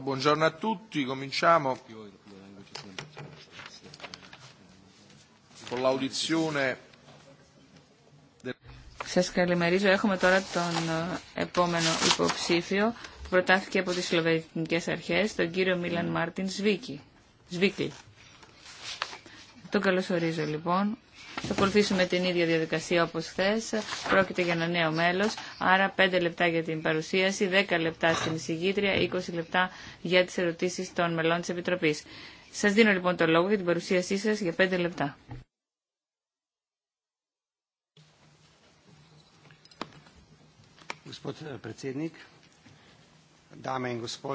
buongiorno a tutti, cominciamo con l'audizione. Σας καλημερίζω. Έχουμε τώρα τον ε, επόμενο υποψήφιο που προτάθηκε από τις Σλοβενικές Αρχές, τον κύριο Μίλαν Μάρτιν Σβίκη. Σβίκλη. Τον καλωσορίζω λοιπόν θα ακολουθήσουμε την ίδια διαδικασία όπως χθε. Πρόκειται για ένα νέο μέλος, άρα 5 λεπτά για την παρουσίαση, 10 λεπτά στην εισηγήτρια, 20 λεπτά για τις ερωτήσεις των μελών τη Επιτροπή. Σας δίνω λοιπόν το λόγο για την παρουσίασή σας για 5 λεπτά.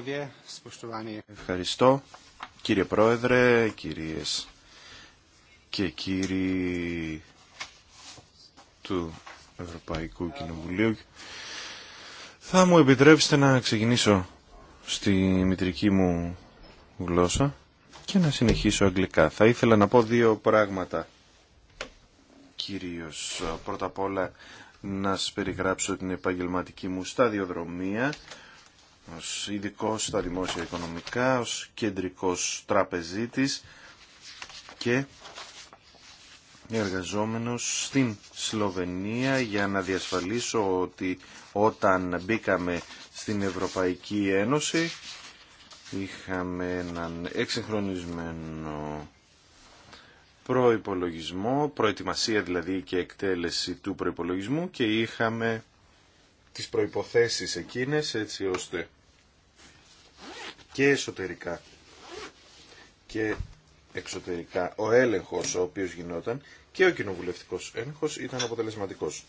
Ε, Ευχαριστώ κύριε Πρόεδρε, κυρίες και κύριοι του Ευρωπαϊκού Κοινοβουλίου. Θα μου επιτρέψετε να ξεκινήσω στη μητρική μου γλώσσα και να συνεχίσω αγγλικά. Θα ήθελα να πω δύο πράγματα κυρίως. Πρώτα απ' όλα να σας περιγράψω την επαγγελματική μου σταδιοδρομία ως ειδικό στα δημόσια οικονομικά, ως κεντρικός τραπεζίτης και εργαζόμενος στην Σλοβενία για να διασφαλίσω ότι όταν μπήκαμε στην Ευρωπαϊκή Ένωση είχαμε έναν εξυγχρονισμένο προϋπολογισμό, προετοιμασία δηλαδή και εκτέλεση του προϋπολογισμού και είχαμε τις προϋποθέσεις εκείνες έτσι ώστε και εσωτερικά και εξωτερικά ο έλεγχος ο οποίος γινόταν και ο κοινοβουλευτικός έλεγχος ήταν αποτελεσματικός.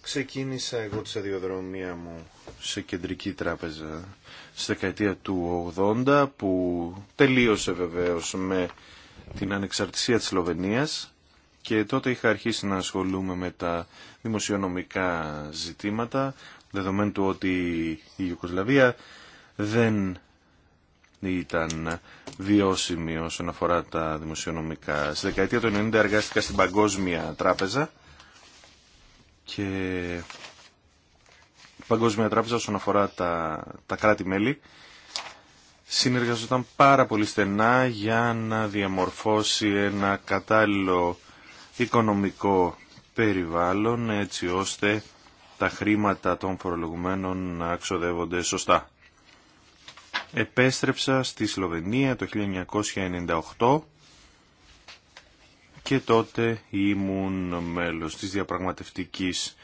Ξεκίνησα εγώ τη αδειοδρομία μου σε κεντρική τράπεζα στη δεκαετία του 80 που τελείωσε βεβαίως με την ανεξαρτησία της Σλοβενίας και τότε είχα αρχίσει να ασχολούμαι με τα δημοσιονομικά ζητήματα δεδομένου του ότι η Ιουκοσλαβία δεν ήταν βιώσιμη όσον αφορά τα δημοσιονομικά. Στη δεκαετία του 90 εργάστηκα στην Παγκόσμια Τράπεζα και η Παγκόσμια Τράπεζα όσον αφορά τα, τα κράτη-μέλη συνεργαζόταν πάρα πολύ στενά για να διαμορφώσει ένα κατάλληλο οικονομικό περιβάλλον έτσι ώστε τα χρήματα των φορολογουμένων να ξοδεύονται σωστά. Επέστρεψα στη Σλοβενία το 1998 και τότε ήμουν μέλος της διαπραγματευτικής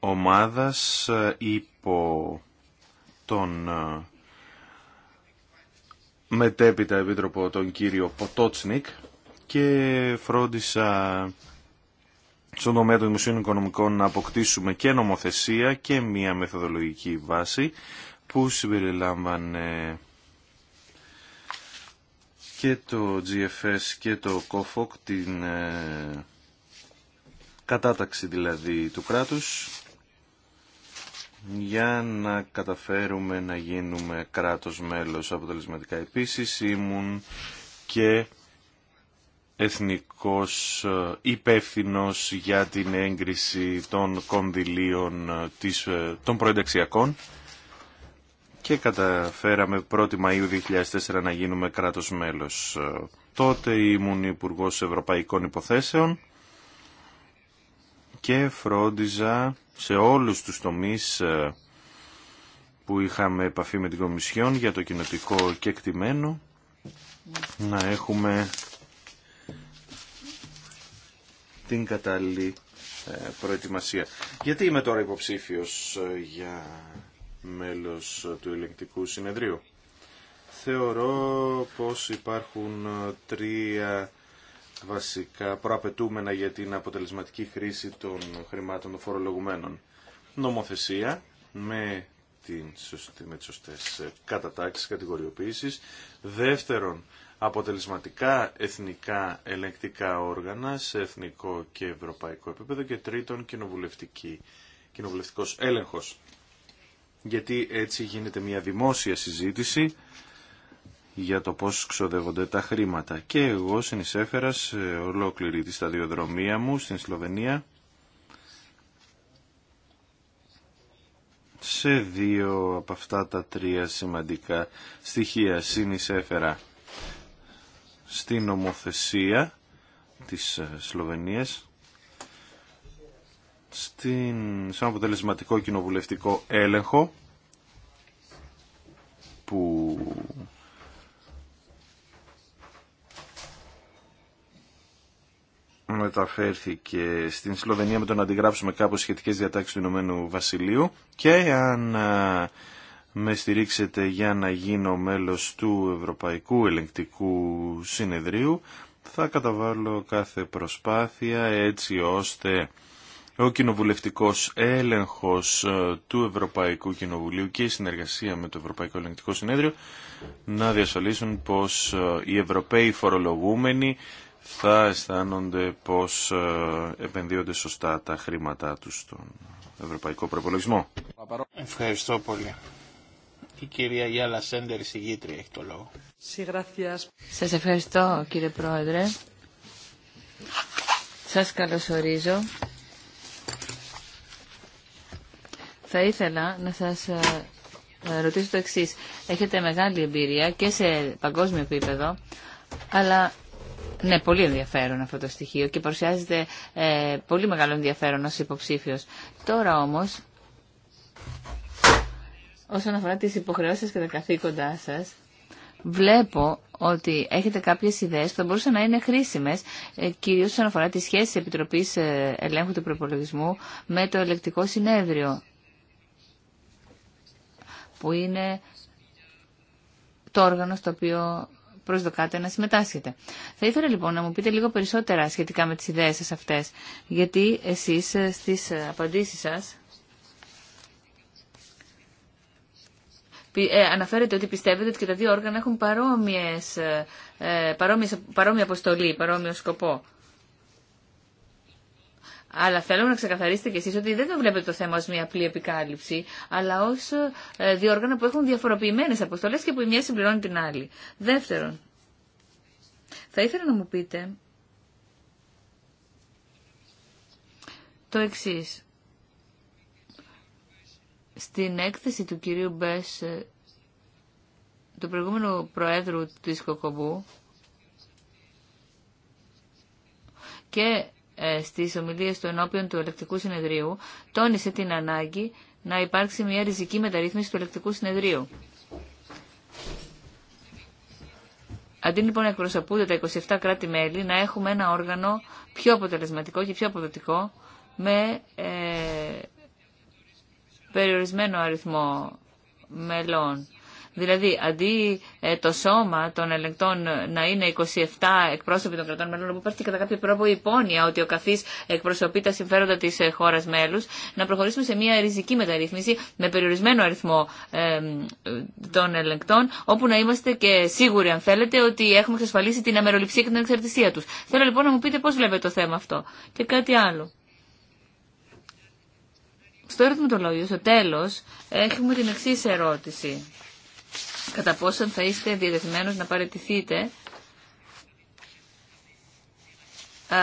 ομάδας ε, υπό τον ε, μετέπειτα επίτροπο τον κύριο Ποτότσνικ και φρόντισα στον τομέα των δημοσίων οικονομικών να αποκτήσουμε και νομοθεσία και μια μεθοδολογική βάση που συμπεριλάμβανε και το GFS και το COFOC, την ε, κατάταξη δηλαδή του κράτους, για να καταφέρουμε να γίνουμε κράτος μέλος αποτελεσματικά. Επίσης ήμουν και εθνικός ε, υπεύθυνος για την έγκριση των κονδυλίων ε, των προενταξιακών και καταφέραμε 1η Μαΐου 2004 να γίνουμε κράτος μέλος. Τότε ήμουν υπουργό Ευρωπαϊκών Υποθέσεων και φρόντιζα σε όλους τους τομείς ε, που είχαμε επαφή με την Κομισιόν για το κοινοτικό και εκτιμένο να έχουμε την κατάλληλη ε, προετοιμασία. Γιατί είμαι τώρα υποψήφιος ε, για μέλος του ελεγκτικού συνεδρίου. Θεωρώ πως υπάρχουν ε, τρία βασικά προαπαιτούμενα για την αποτελεσματική χρήση των χρημάτων των φορολογουμένων. Νομοθεσία με, την, με τις σωστές ε, κατατάξεις κατηγοριοποίησης. Δεύτερον, αποτελεσματικά εθνικά ελεγκτικά όργανα σε εθνικό και ευρωπαϊκό επίπεδο και τρίτον κοινοβουλευτική, κοινοβουλευτικός έλεγχος γιατί έτσι γίνεται μια δημόσια συζήτηση για το πώς ξοδεύονται τα χρήματα. Και εγώ συνεισέφερα σε ολόκληρη τη σταδιοδρομία μου στην Σλοβενία σε δύο από αυτά τα τρία σημαντικά στοιχεία. Συνεισέφερα στην ομοθεσία της ε, Σλοβενίας στην, ένα αποτελεσματικό κοινοβουλευτικό έλεγχο που μεταφέρθηκε στην Σλοβενία με το να αντιγράψουμε κάπως σχετικές διατάξεις του Ηνωμένου Βασιλείου και αν με στηρίξετε για να γίνω μέλος του Ευρωπαϊκού Ελεγκτικού Συνεδρίου θα καταβάλω κάθε προσπάθεια έτσι ώστε ο κοινοβουλευτικός έλεγχος ε, του Ευρωπαϊκού Κοινοβουλίου και η συνεργασία με το Ευρωπαϊκό Ελεγκτικό Συνέδριο να διασφαλίσουν πως ε, οι Ευρωπαίοι φορολογούμενοι θα αισθάνονται πως ε, επενδύονται σωστά τα χρήματά τους στον Ευρωπαϊκό Προπολογισμό. Ευχαριστώ πολύ. Η κυρία Γιάλα Σέντερ, η έχει το λόγο. Σας ευχαριστώ κύριε Πρόεδρε. Σας καλωσορίζω Θα ήθελα να σας ε, ε, ρωτήσω το εξής. Έχετε μεγάλη εμπειρία και σε παγκόσμιο επίπεδο, αλλά ναι, πολύ ενδιαφέρον αυτό το στοιχείο και παρουσιάζεται ε, πολύ μεγάλο ενδιαφέρον ως υποψήφιος. Τώρα όμως, όσον αφορά τις υποχρεώσεις και τα καθήκοντά σας, βλέπω ότι έχετε κάποιες ιδέες που θα μπορούσαν να είναι χρήσιμες, ε, κυρίως όσον αφορά τη σχέση της Επιτροπής Ελέγχου του Προπολογισμού με το Ελεκτικό Συνέδριο που είναι το όργανο στο οποίο προσδοκάτε να συμμετάσχετε. Θα ήθελα λοιπόν να μου πείτε λίγο περισσότερα σχετικά με τις ιδέες σας αυτές, γιατί εσείς ε, στις ε, απαντήσεις σας ε, αναφέρετε ότι πιστεύετε ότι και τα δύο όργανα έχουν παρόμοιες, παρόμοιες, παρόμοια αποστολή, παρόμοιο σκοπό. Αλλά θέλω να ξεκαθαρίσετε κι εσείς ότι δεν το βλέπετε το θέμα ως μια απλή επικάλυψη, αλλά ως ε, δύο όργανα που έχουν διαφοροποιημένες αποστολές και που η μια συμπληρώνει την άλλη. Δεύτερον, θα ήθελα να μου πείτε το εξής. Στην έκθεση του κυρίου Μπες, ε, του προηγούμενου προέδρου της Κοκομπού, και ε, στις ομιλίες του ενώπιον του ελεκτικού συνεδρίου τόνισε την ανάγκη να υπάρξει μια ριζική μεταρρύθμιση του ελεκτικού συνεδρίου. Αντί λοιπόν να εκπροσωπούνται τα 27 κράτη-μέλη, να έχουμε ένα όργανο πιο αποτελεσματικό και πιο αποδοτικό με ε, περιορισμένο αριθμό μελών. Δηλαδή, αντί ε, το σώμα των ελεγκτών να είναι 27 εκπρόσωποι των κρατών μελών, που υπάρχει κατά κάποιο τρόπο η υπόνοια ότι ο καθή εκπροσωπεί τα συμφέροντα τη ε, χώρα μέλου, να προχωρήσουμε σε μια ριζική μεταρρύθμιση με περιορισμένο αριθμό των ελεγκτών, όπου να είμαστε και σίγουροι, αν θέλετε, ότι έχουμε εξασφαλίσει την αμεροληψία και την εξαρτησία του. Θέλω λοιπόν να μου πείτε πώ βλέπετε το θέμα αυτό. Και κάτι άλλο. Στο ερωτηματολόγιο, στο τέλος, έχουμε την εξής ερώτηση κατά πόσον θα είστε διαδεσμένος να παραιτηθείτε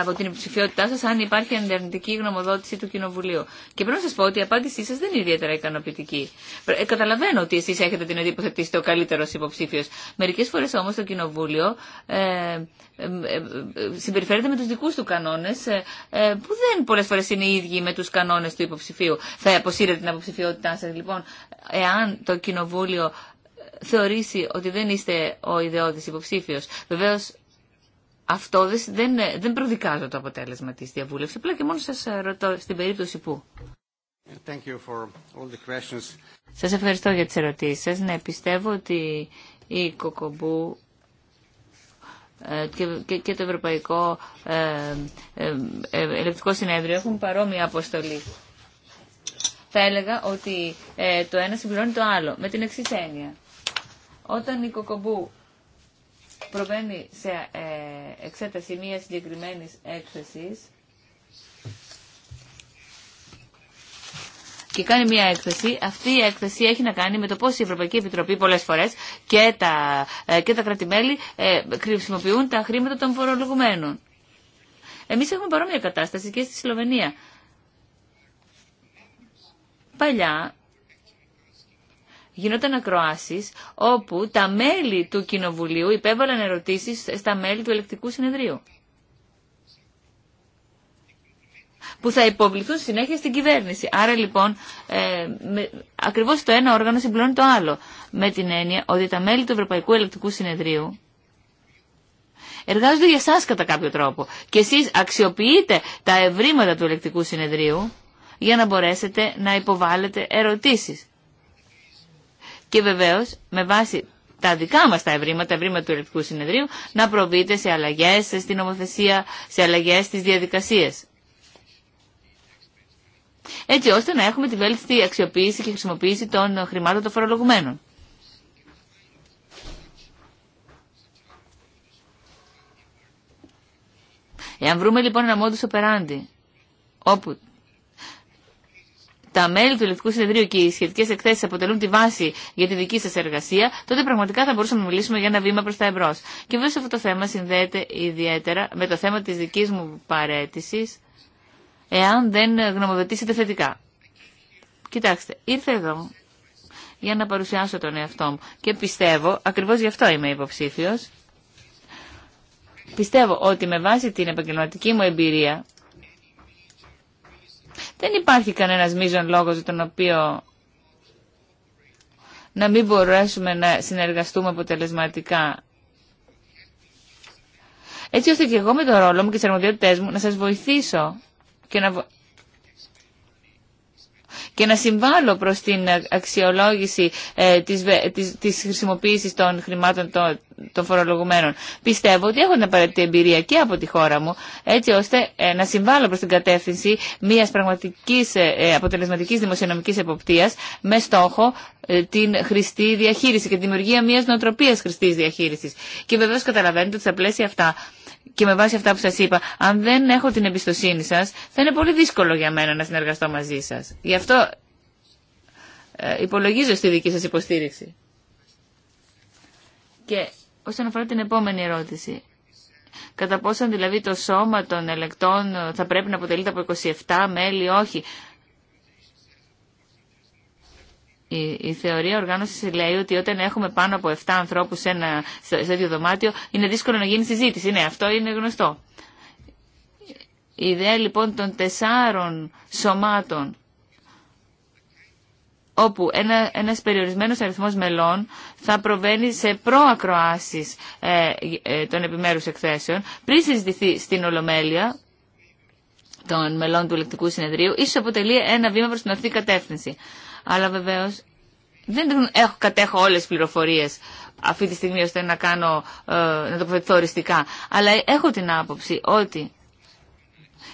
από την υποψηφιότητά σας αν υπάρχει αντιαρνητική γνωμοδότηση του Κοινοβουλίου. Και πρέπει να σας πω ότι η απάντησή σας δεν είναι ιδιαίτερα ικανοποιητική. Ε, καταλαβαίνω ότι εσείς έχετε την εντύπωση ότι είστε ο καλύτερος υποψήφιος. Μερικές φορές όμως το Κοινοβούλιο ε, ε, ε συμπεριφέρεται με τους δικούς του κανόνες ε, που δεν πολλές φορές είναι οι ίδιοι με τους κανόνες του υποψηφίου. Θα αποσύρετε την αποψηφιότητά σα, λοιπόν εάν το Κοινοβούλιο θεωρήσει ότι δεν είστε ο ιδεώδης υποψήφιος. Βεβαίως αυτό δεν, δεν προδικάζω το αποτέλεσμα της διαβούλευσης. Απλά και μόνο σας ρωτώ στην περίπτωση που. Σας ευχαριστώ για τις ερωτήσεις σας. Ναι, πιστεύω ότι η Κοκομπού ε, και, το Ευρωπαϊκό ε, ε, ε, Ελεκτικό Συνέδριο έχουν παρόμοια αποστολή. Θα έλεγα ότι το ένα συμπληρώνει το άλλο, με την εξή έννοια. Όταν η Κοκομπού προβαίνει σε ε, εξέταση μια συγκεκριμένη έκθεση και κάνει μια έκθεση, αυτή η έκθεση έχει να κάνει με το πώ η Ευρωπαϊκή Επιτροπή πολλέ φορέ και τα, ε, και τα κρατημέλη ε, χρησιμοποιούν τα χρήματα των φορολογουμένων. Εμεί έχουμε παρόμοια κατάσταση και στη Σλοβενία. Παλιά γινόταν ακροάσεις όπου τα μέλη του Κοινοβουλίου υπέβαλαν ερωτήσεις στα μέλη του Ελεκτικού Συνεδρίου. που θα υποβληθούν συνέχεια στην κυβέρνηση. Άρα λοιπόν, ε, ακριβώς το ένα όργανο συμπληρώνει το άλλο. Με την έννοια ότι τα μέλη του Ευρωπαϊκού Ελεκτικού Συνεδρίου εργάζονται για εσά κατά κάποιο τρόπο. Και εσείς αξιοποιείτε τα ευρήματα του Ελεκτικού Συνεδρίου για να μπορέσετε να υποβάλλετε ερωτήσεις και βεβαίω με βάση τα δικά μα τα ευρήματα, τα ευρήματα του Ελληνικού Συνεδρίου, να προβείτε σε αλλαγέ στην νομοθεσία, σε αλλαγέ στι διαδικασίε. Έτσι ώστε να έχουμε τη βέλτιστη αξιοποίηση και χρησιμοποίηση των χρημάτων των φορολογουμένων. Εάν βρούμε λοιπόν ένα modus operandi όπου τα μέλη του Ελευθερικού Συνεδρίου και οι σχετικέ εκθέσει αποτελούν τη βάση για τη δική σα εργασία, τότε πραγματικά θα μπορούσαμε να μιλήσουμε για ένα βήμα προ τα εμπρό. Και βέβαια αυτό το θέμα συνδέεται ιδιαίτερα με το θέμα τη δική μου παρέτηση, εάν δεν γνωμοδοτήσετε θετικά. Κοιτάξτε, ήρθε εδώ για να παρουσιάσω τον εαυτό μου και πιστεύω, ακριβώ γι' αυτό είμαι υποψήφιο, πιστεύω ότι με βάση την επαγγελματική μου εμπειρία δεν υπάρχει κανένας μείζον λόγος για τον οποίο να μην μπορέσουμε να συνεργαστούμε αποτελεσματικά. Έτσι ώστε και εγώ με τον ρόλο μου και τις αρμοδιότητές μου να σας βοηθήσω και να και να συμβάλλω προς την αξιολόγηση ε, της, της, της χρησιμοποίησης των χρημάτων των, των φορολογουμένων. Πιστεύω ότι έχω την απαραίτητη εμπειρία και από τη χώρα μου, έτσι ώστε ε, να συμβάλλω προς την κατεύθυνση μιας πραγματικής ε, αποτελεσματικής δημοσιονομικής εποπτείας με στόχο την χρηστή διαχείριση και τη δημιουργία μιας νοοτροπίας χρηστής διαχείρισης. Και βεβαίως καταλαβαίνετε ότι στα πλαίσια αυτά και με βάση αυτά που σας είπα, αν δεν έχω την εμπιστοσύνη σας, θα είναι πολύ δύσκολο για μένα να συνεργαστώ μαζί σας. Γι' αυτό ε, υπολογίζω στη δική σας υποστήριξη. Και όσον αφορά την επόμενη ερώτηση, κατά πόσο δηλαδή το σώμα των ελεκτών θα πρέπει να αποτελείται από 27 μέλη, όχι η, θεωρία οργάνωση λέει ότι όταν έχουμε πάνω από 7 ανθρώπου σε ένα δωμάτιο, είναι δύσκολο να γίνει συζήτηση. Ναι, αυτό είναι γνωστό. Η ιδέα λοιπόν των τεσσάρων σωμάτων όπου ένα, ένας περιορισμένος αριθμός μελών θα προβαίνει σε προακροάσεις ε, ε, των επιμέρους εκθέσεων πριν συζητηθεί στην Ολομέλεια των μελών του Ελεκτικού Συνεδρίου, ίσως αποτελεί ένα βήμα προς την ορθή κατεύθυνση αλλά βεβαίως δεν έχω, κατέχω όλες τι πληροφορίες αυτή τη στιγμή ώστε να κάνω, ε, να τοποθετηθώ οριστικά. Αλλά έχω την άποψη ότι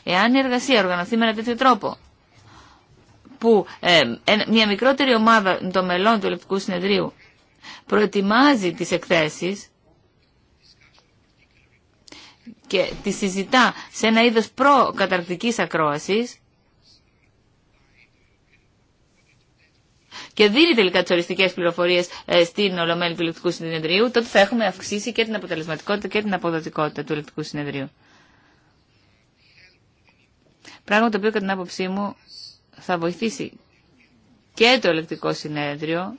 εάν η εργασία οργανωθεί με ένα τέτοιο τρόπο, που ε, μια μικρότερη ομάδα των μελών του Ελεκτικού Συνεδρίου προετοιμάζει τις εκθέσεις και τις συζητά σε ένα είδος προκαταρκτικής ακρόασης, και δίνει τελικά τι οριστικέ πληροφορίε ε, στην Ολομέλη του Ελεκτικού Συνεδρίου, τότε θα έχουμε αυξήσει και την αποτελεσματικότητα και την αποδοτικότητα του Ελεκτικού Συνεδρίου. Πράγμα το οποίο κατά την άποψή μου θα βοηθήσει και το Ελεκτικό Συνέδριο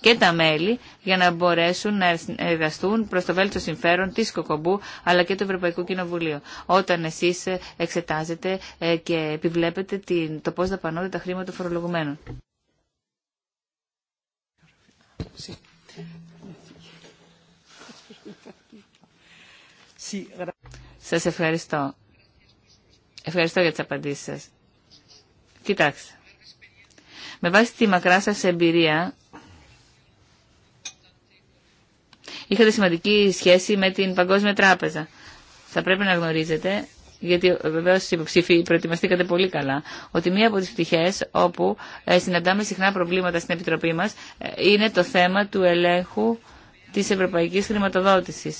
και τα μέλη για να μπορέσουν να εργαστούν προς το βέλτιστο συμφέρον της Κοκομπού αλλά και του Ευρωπαϊκού Κοινοβουλίου. Όταν εσείς ε, εξετάζετε ε, και επιβλέπετε το πώς δαπανώνται τα χρήματα των φορολογουμένων. Σας ευχαριστώ. Ευχαριστώ για τις απαντήσεις σας. Κοιτάξτε. Με βάση τη μακρά σας εμπειρία, είχατε σημαντική σχέση με την Παγκόσμια Τράπεζα. Θα πρέπει να γνωρίζετε γιατί ε, βεβαίω οι υποψήφοι προετοιμαστήκατε πολύ καλά, ότι μία από τι πτυχέ όπου ε, συναντάμε συχνά προβλήματα στην Επιτροπή μα ε, είναι το θέμα του ελέγχου τη ευρωπαϊκή χρηματοδότηση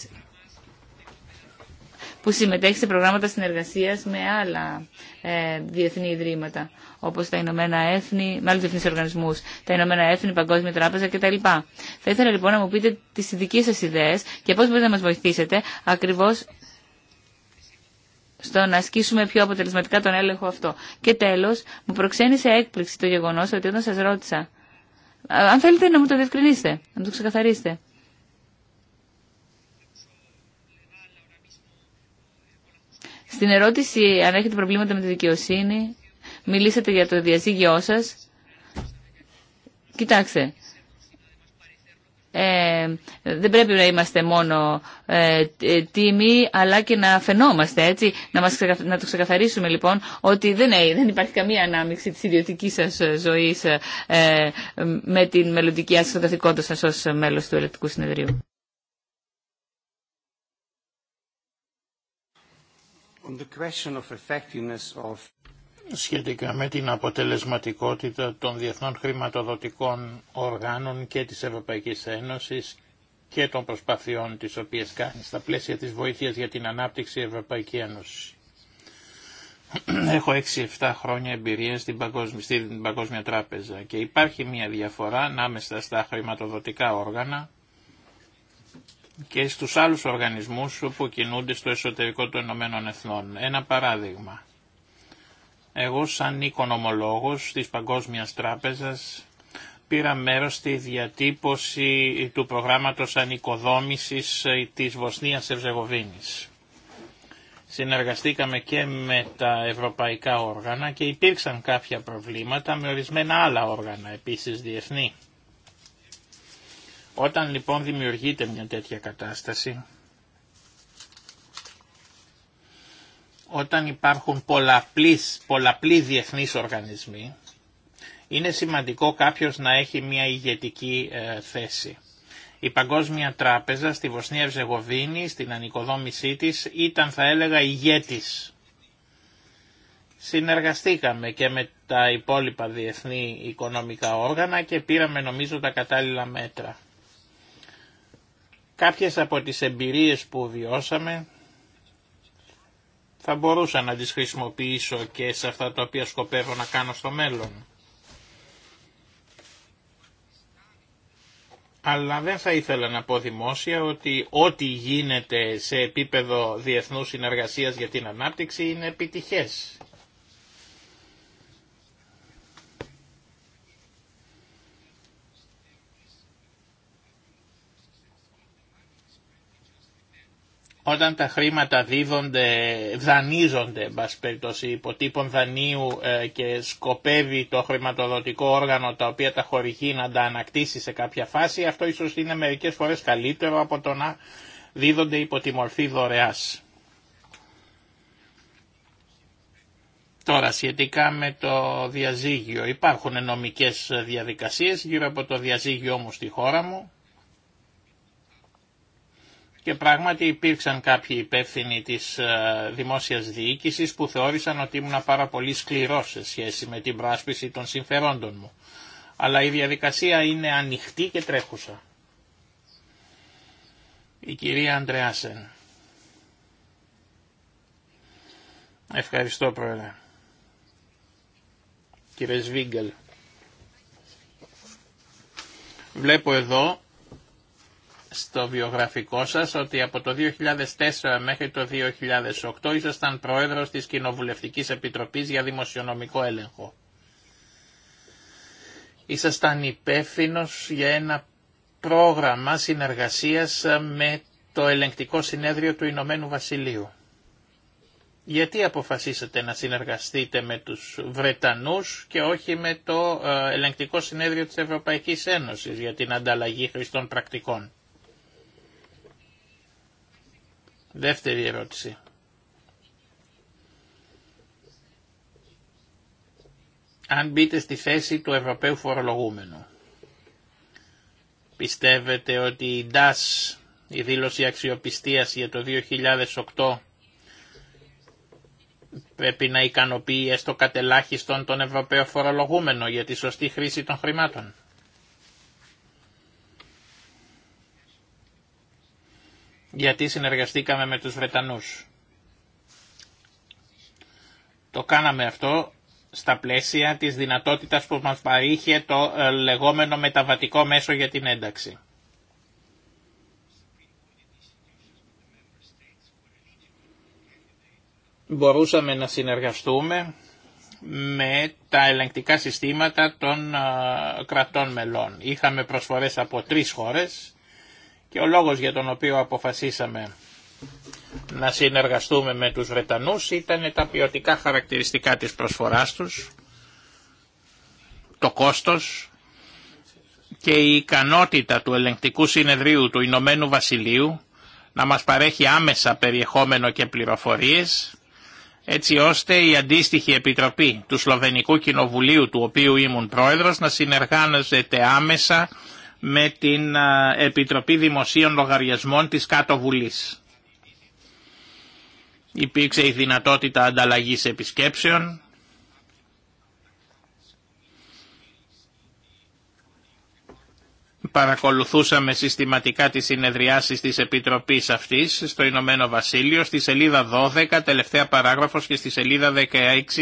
που συμμετέχει σε προγράμματα συνεργασίας με άλλα ε, διεθνή ιδρύματα, όπως τα Ηνωμένα Έθνη, με άλλους διεθνείς οργανισμούς, τα Ηνωμένα Έθνη, Παγκόσμια Τράπεζα κτλ. Θα ήθελα λοιπόν να μου πείτε τις δικές σας ιδέες και πώς μπορείτε να μας βοηθήσετε ακριβώς στο να ασκήσουμε πιο αποτελεσματικά τον έλεγχο αυτό. Και τέλος, μου προξένησε έκπληξη το γεγονός ότι όταν σα ρώτησα, αν θέλετε να μου το διευκρινίσετε, να το ξεκαθαρίσετε. Στην ερώτηση αν έχετε προβλήματα με τη δικαιοσύνη, μιλήσατε για το διαζύγιό σας. Κοιτάξτε, ε, δεν πρέπει να είμαστε μόνο ε, τίμοι, αλλά και να φαινόμαστε έτσι. Να, μας, να το ξεκαθαρίσουμε λοιπόν ότι δεν, δεν υπάρχει καμία ανάμειξη της ιδιωτικής σας ε, ζωής ε, ε, με την μελλοντική άσκηση των καθηκόντων σας ως μέλος του Ελεκτικού Συνεδρίου. On the question of effectiveness of σχετικά με την αποτελεσματικότητα των διεθνών χρηματοδοτικών οργάνων και της Ευρωπαϊκής Ένωσης και των προσπαθειών τις οποίες κάνει στα πλαίσια της βοήθειας για την ανάπτυξη Ευρωπαϊκή Ένωση. Έχω 6-7 χρόνια εμπειρία στην Παγκόσμια, στην Παγκόσμια Τράπεζα και υπάρχει μια διαφορά ανάμεσα στα χρηματοδοτικά όργανα και στους άλλους οργανισμούς που κινούνται στο εσωτερικό των Ηνωμένων Εθνών. Ένα παράδειγμα. Εγώ σαν οικονομολόγος της Παγκόσμιας Τράπεζας πήρα μέρος στη διατύπωση του προγράμματος ανοικοδόμησης της Βοσνίας Ευζεγοβίνης. Συνεργαστήκαμε και με τα ευρωπαϊκά όργανα και υπήρξαν κάποια προβλήματα με ορισμένα άλλα όργανα επίσης διεθνή. Όταν λοιπόν δημιουργείται μια τέτοια κατάσταση, όταν υπάρχουν πολλαπλής, πολλαπλή διεθνείς οργανισμοί, είναι σημαντικό κάποιος να έχει μια ηγετική ε, θέση. Η Παγκόσμια Τράπεζα στη Βοσνία Ευζεγοβίνη, στην ανοικοδόμησή της, ήταν θα έλεγα ηγέτης. Συνεργαστήκαμε και με τα υπόλοιπα διεθνή οικονομικά όργανα και πήραμε νομίζω τα κατάλληλα μέτρα. Κάποιες από τις εμπειρίες που βιώσαμε θα μπορούσα να τις χρησιμοποιήσω και σε αυτά τα οποία σκοπεύω να κάνω στο μέλλον. αλλά δεν θα ήθελα να πω δημόσια ότι ό,τι γίνεται σε επίπεδο διεθνούς συνεργασίας για την ανάπτυξη είναι επιτυχές όταν τα χρήματα δίδονται, δανείζονται, μπας περιπτώσει, υποτύπων δανείου ε, και σκοπεύει το χρηματοδοτικό όργανο τα οποία τα χορηγεί να τα ανακτήσει σε κάποια φάση, αυτό ίσως είναι μερικές φορές καλύτερο από το να δίδονται υπό τη μορφή δωρεάς. Τώρα σχετικά με το διαζύγιο. Υπάρχουν νομικές διαδικασίες γύρω από το διαζύγιο μου στη χώρα μου και πράγματι υπήρξαν κάποιοι υπεύθυνοι της ε, δημόσιας διοίκησης που θεώρησαν ότι ήμουν πάρα πολύ σκληρό σε σχέση με την πράσπιση των συμφερόντων μου. Αλλά η διαδικασία είναι ανοιχτή και τρέχουσα. Η κυρία Αντρεάσεν. Ευχαριστώ πρόεδρε. Κύριε Σβίγκελ. Βλέπω εδώ στο βιογραφικό σας ότι από το 2004 μέχρι το 2008 ήσασταν πρόεδρος της Κοινοβουλευτικής Επιτροπής για Δημοσιονομικό Έλεγχο. Ήσασταν υπεύθυνο για ένα πρόγραμμα συνεργασίας με το ελεγκτικό συνέδριο του Ηνωμένου Βασιλείου. Γιατί αποφασίσατε να συνεργαστείτε με τους Βρετανούς και όχι με το ε, ελεγκτικό συνέδριο της Ευρωπαϊκής Ένωσης για την ανταλλαγή χρηστών πρακτικών. Δεύτερη ερώτηση. Αν μπείτε στη θέση του Ευρωπαίου φορολογούμενου, πιστεύετε ότι η DAS, η δήλωση αξιοπιστίας για το 2008, πρέπει να ικανοποιεί έστω κατελάχιστον τον Ευρωπαίο φορολογούμενο για τη σωστή χρήση των χρημάτων. γιατί συνεργαστήκαμε με τους Βρετανούς. Το κάναμε αυτό στα πλαίσια της δυνατότητας που μας παρήχε το ε, λεγόμενο μεταβατικό μέσο για την ένταξη. Μπορούσαμε να συνεργαστούμε με τα ελεγκτικά συστήματα των ε, κρατών μελών. Είχαμε προσφορές από τρεις χώρες, και ο λόγος για τον οποίο αποφασίσαμε να συνεργαστούμε με τους Βρετανούς ήταν τα ποιοτικά χαρακτηριστικά της προσφοράς τους, το κόστος και η ικανότητα του ελεγκτικού συνεδρίου του Ηνωμένου Βασιλείου να μας παρέχει άμεσα περιεχόμενο και πληροφορίες, έτσι ώστε η αντίστοιχη επιτροπή του Σλοβενικού Κοινοβουλίου του οποίου ήμουν πρόεδρος να συνεργάζεται άμεσα με την Επιτροπή Δημοσίων Λογαριασμών της Κάτω Βουλής. Υπήρξε η δυνατότητα ανταλλαγής επισκέψεων. Παρακολουθούσαμε συστηματικά τις συνεδριάσεις της Επιτροπής αυτής στο Ηνωμένο Βασίλειο, στη σελίδα 12, τελευταία παράγραφος και στη σελίδα 16,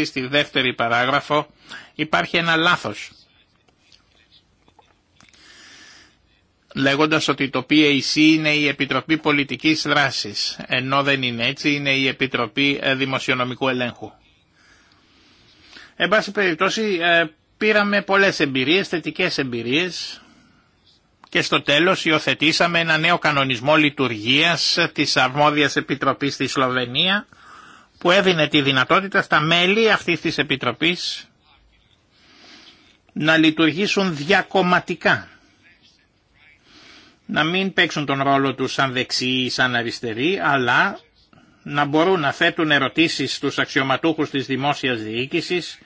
στη δεύτερη παράγραφο, υπάρχει ένα λάθος λέγοντας ότι το PAC είναι η Επιτροπή Πολιτικής Δράσης, ενώ δεν είναι έτσι, είναι η Επιτροπή ε, Δημοσιονομικού Ελέγχου. Εν πάση περιπτώσει ε, πήραμε πολλές εμπειρίες, θετικές εμπειρίες και στο τέλος υιοθετήσαμε ένα νέο κανονισμό λειτουργίας της Αρμόδιας Επιτροπής στη Σλοβενία που έδινε τη δυνατότητα στα μέλη αυτής της Επιτροπής να λειτουργήσουν διακομματικά να μην παίξουν τον ρόλο τους σαν δεξιοί ή σαν αριστεροί, αλλά να μπορούν να θέτουν ερωτήσεις στους αξιωματούχους της δημόσιας διοίκησης,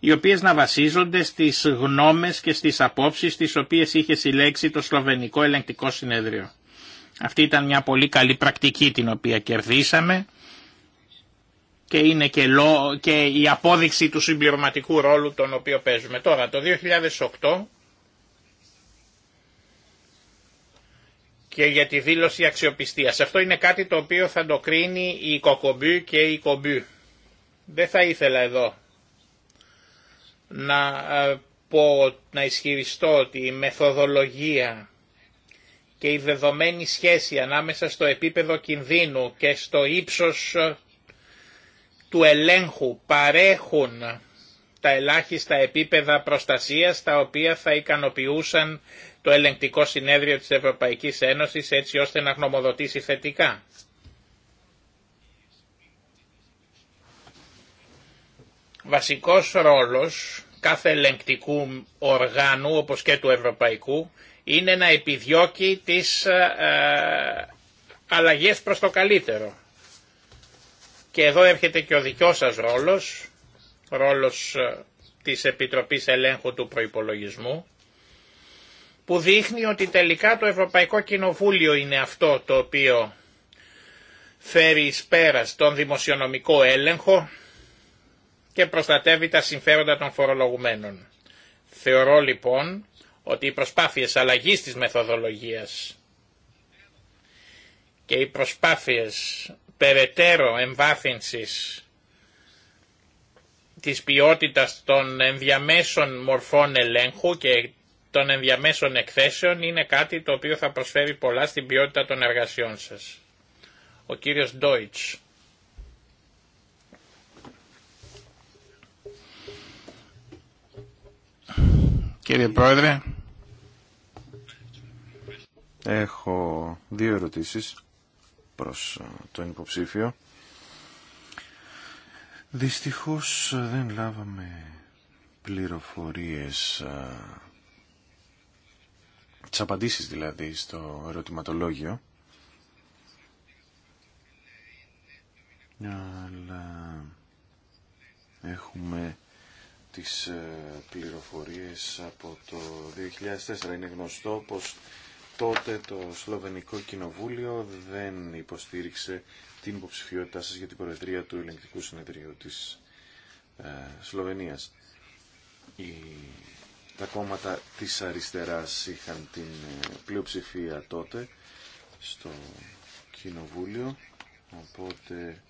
οι οποίες να βασίζονται στις γνώμες και στις απόψεις τις οποίες είχε συλλέξει το Σλοβενικό Ελεγκτικό Συνέδριο. Αυτή ήταν μια πολύ καλή πρακτική την οποία κερδίσαμε και είναι και, και η απόδειξη του συμπληρωματικού ρόλου τον οποίο παίζουμε. Τώρα το 2008 και για τη δήλωση αξιοπιστίας. Αυτό είναι κάτι το οποίο θα το κρίνει η κοκομπή και η κομπού. Δεν θα ήθελα εδώ να, ε, πω, να ισχυριστώ ότι η μεθοδολογία και η δεδομένη σχέση ανάμεσα στο επίπεδο κινδύνου και στο ύψος ε, του ελέγχου παρέχουν τα ελάχιστα επίπεδα προστασίας τα οποία θα ικανοποιούσαν το ελεγκτικό συνέδριο της Ευρωπαϊκής Ένωσης έτσι ώστε να γνωμοδοτήσει θετικά. Βασικός ρόλος κάθε ελεγκτικού οργάνου όπως και του ευρωπαϊκού είναι να επιδιώκει τις ε, ε, αλλαγές προς το καλύτερο. Και εδώ έρχεται και ο δικός σας ρόλος, ρόλος ε, της Επιτροπής Ελέγχου του Προϋπολογισμού, που δείχνει ότι τελικά το Ευρωπαϊκό Κοινοβούλιο είναι αυτό το οποίο φέρει εις πέρας τον δημοσιονομικό έλεγχο και προστατεύει τα συμφέροντα των φορολογουμένων. Θεωρώ λοιπόν ότι οι προσπάθειες αλλαγής της μεθοδολογίας και οι προσπάθειες περαιτέρω εμβάθυνσης της ποιότητας των ενδιαμέσων μορφών ελέγχου και των ενδιαμέσων εκθέσεων είναι κάτι το οποίο θα προσφέρει πολλά στην ποιότητα των εργασιών σας. Ο κύριος Ντόιτς. Κύριε Πρόεδρε, έχω δύο ερωτήσεις προς τον υποψήφιο. Δυστυχώς δεν λάβαμε πληροφορίες τις απαντήσεις δηλαδή στο ερωτηματολόγιο. Αλλά έχουμε τις ε, πληροφορίες από το 2004. Είναι γνωστό πως τότε το Σλοβενικό Κοινοβούλιο δεν υποστήριξε την υποψηφιότητά σας για την Προεδρία του Ελεγκτικού Συνεδρίου της ε, Σλοβενίας τα κόμματα της αριστεράς είχαν την ε, πλειοψηφία τότε στο κοινοβούλιο οπότε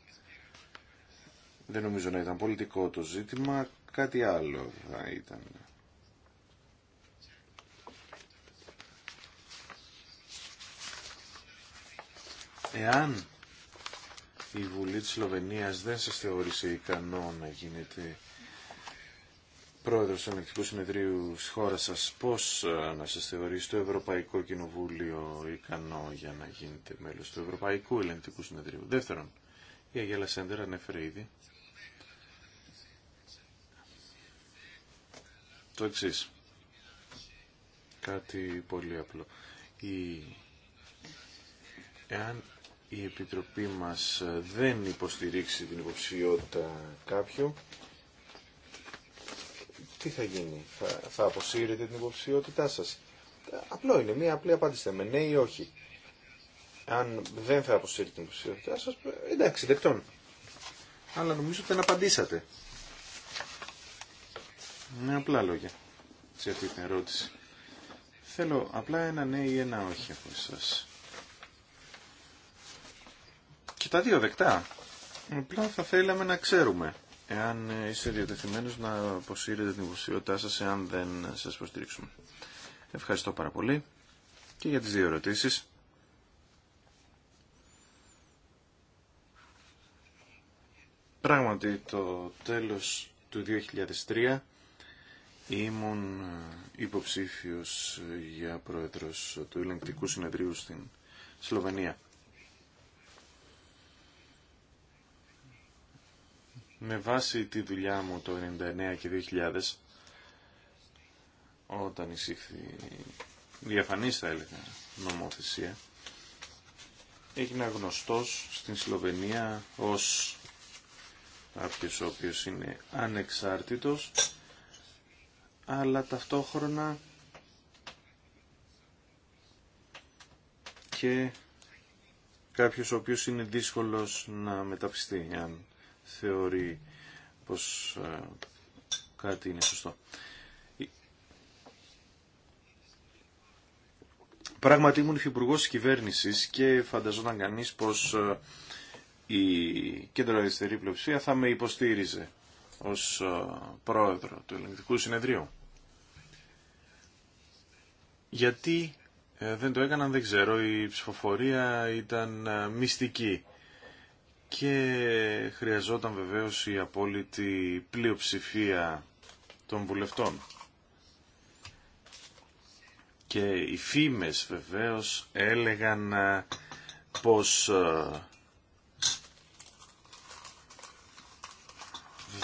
δεν νομίζω να ήταν πολιτικό το ζήτημα κάτι άλλο θα ήταν εάν η Βουλή της Σλοβενίας δεν σας θεωρήσε ικανό να γίνεται. Πρόεδρο του Ανεκτικού Συνεδρίου τη Χώρα σα πώς ε, να σας θεωρεί το Ευρωπαϊκό Κοινοβούλιο ικανό για να γίνετε μέλος του Ευρωπαϊκού Ελληνικού Συνεδρίου. Δεύτερον, η Αγέλα Σέντερ ανέφερε ήδη το εξή. Κάτι πολύ απλό. Η... Εάν η Επιτροπή μας δεν υποστηρίξει την υποψηφιότητα κάποιου, τι θα γίνει, θα, θα αποσύρετε την υποψηφιότητά σας. Ε, απλό είναι, μία απλή απάντηση με ναι ή όχι. Αν δεν θα αποσύρετε την υποψηφιότητά σας, ε, εντάξει, δεκτών. Αλλά νομίζω ότι δεν απαντήσατε. Με απλά λόγια σε αυτή την ερώτηση. Θέλω απλά ένα ναι ή ένα όχι από εσάς. Και τα δύο δεκτά. Απλά θα θέλαμε να ξέρουμε εάν είστε διατεθειμένος να αποσύρετε την υποψηφιότητά σας εάν δεν σας προστηρίξουμε. Ευχαριστώ πάρα πολύ και για τις δύο ερωτήσεις. Πράγματι το τέλος του 2003 ήμουν υποψήφιος για πρόεδρος του ελεγκτικού συνεδρίου στην Σλοβενία. Με βάση τη δουλειά μου το 99 και 2000, όταν εισήχθη διαφανής θα έλεγα νομοθεσία, έγινα γνωστός στην Σλοβενία ως κάποιος ο οποίος είναι ανεξάρτητος, αλλά ταυτόχρονα και κάποιος ο οποίος είναι δύσκολος να μεταπιστεί, αν θεωρεί πως ε, κάτι είναι σωστό. Πράγματι ήμουν υφυπουργό τη κυβέρνηση και φανταζόταν κανεί πω ε, η Αριστερή πλειοψηφία θα με υποστήριζε ω ε, πρόεδρο του Ελληνικού Συνεδρίου. Γιατί δεν το έκαναν δεν ξέρω. Η ψηφοφορία ήταν μυστική και χρειαζόταν βεβαίως η απόλυτη πλειοψηφία των βουλευτών. Και οι φήμες βεβαίως έλεγαν ε, πως ε,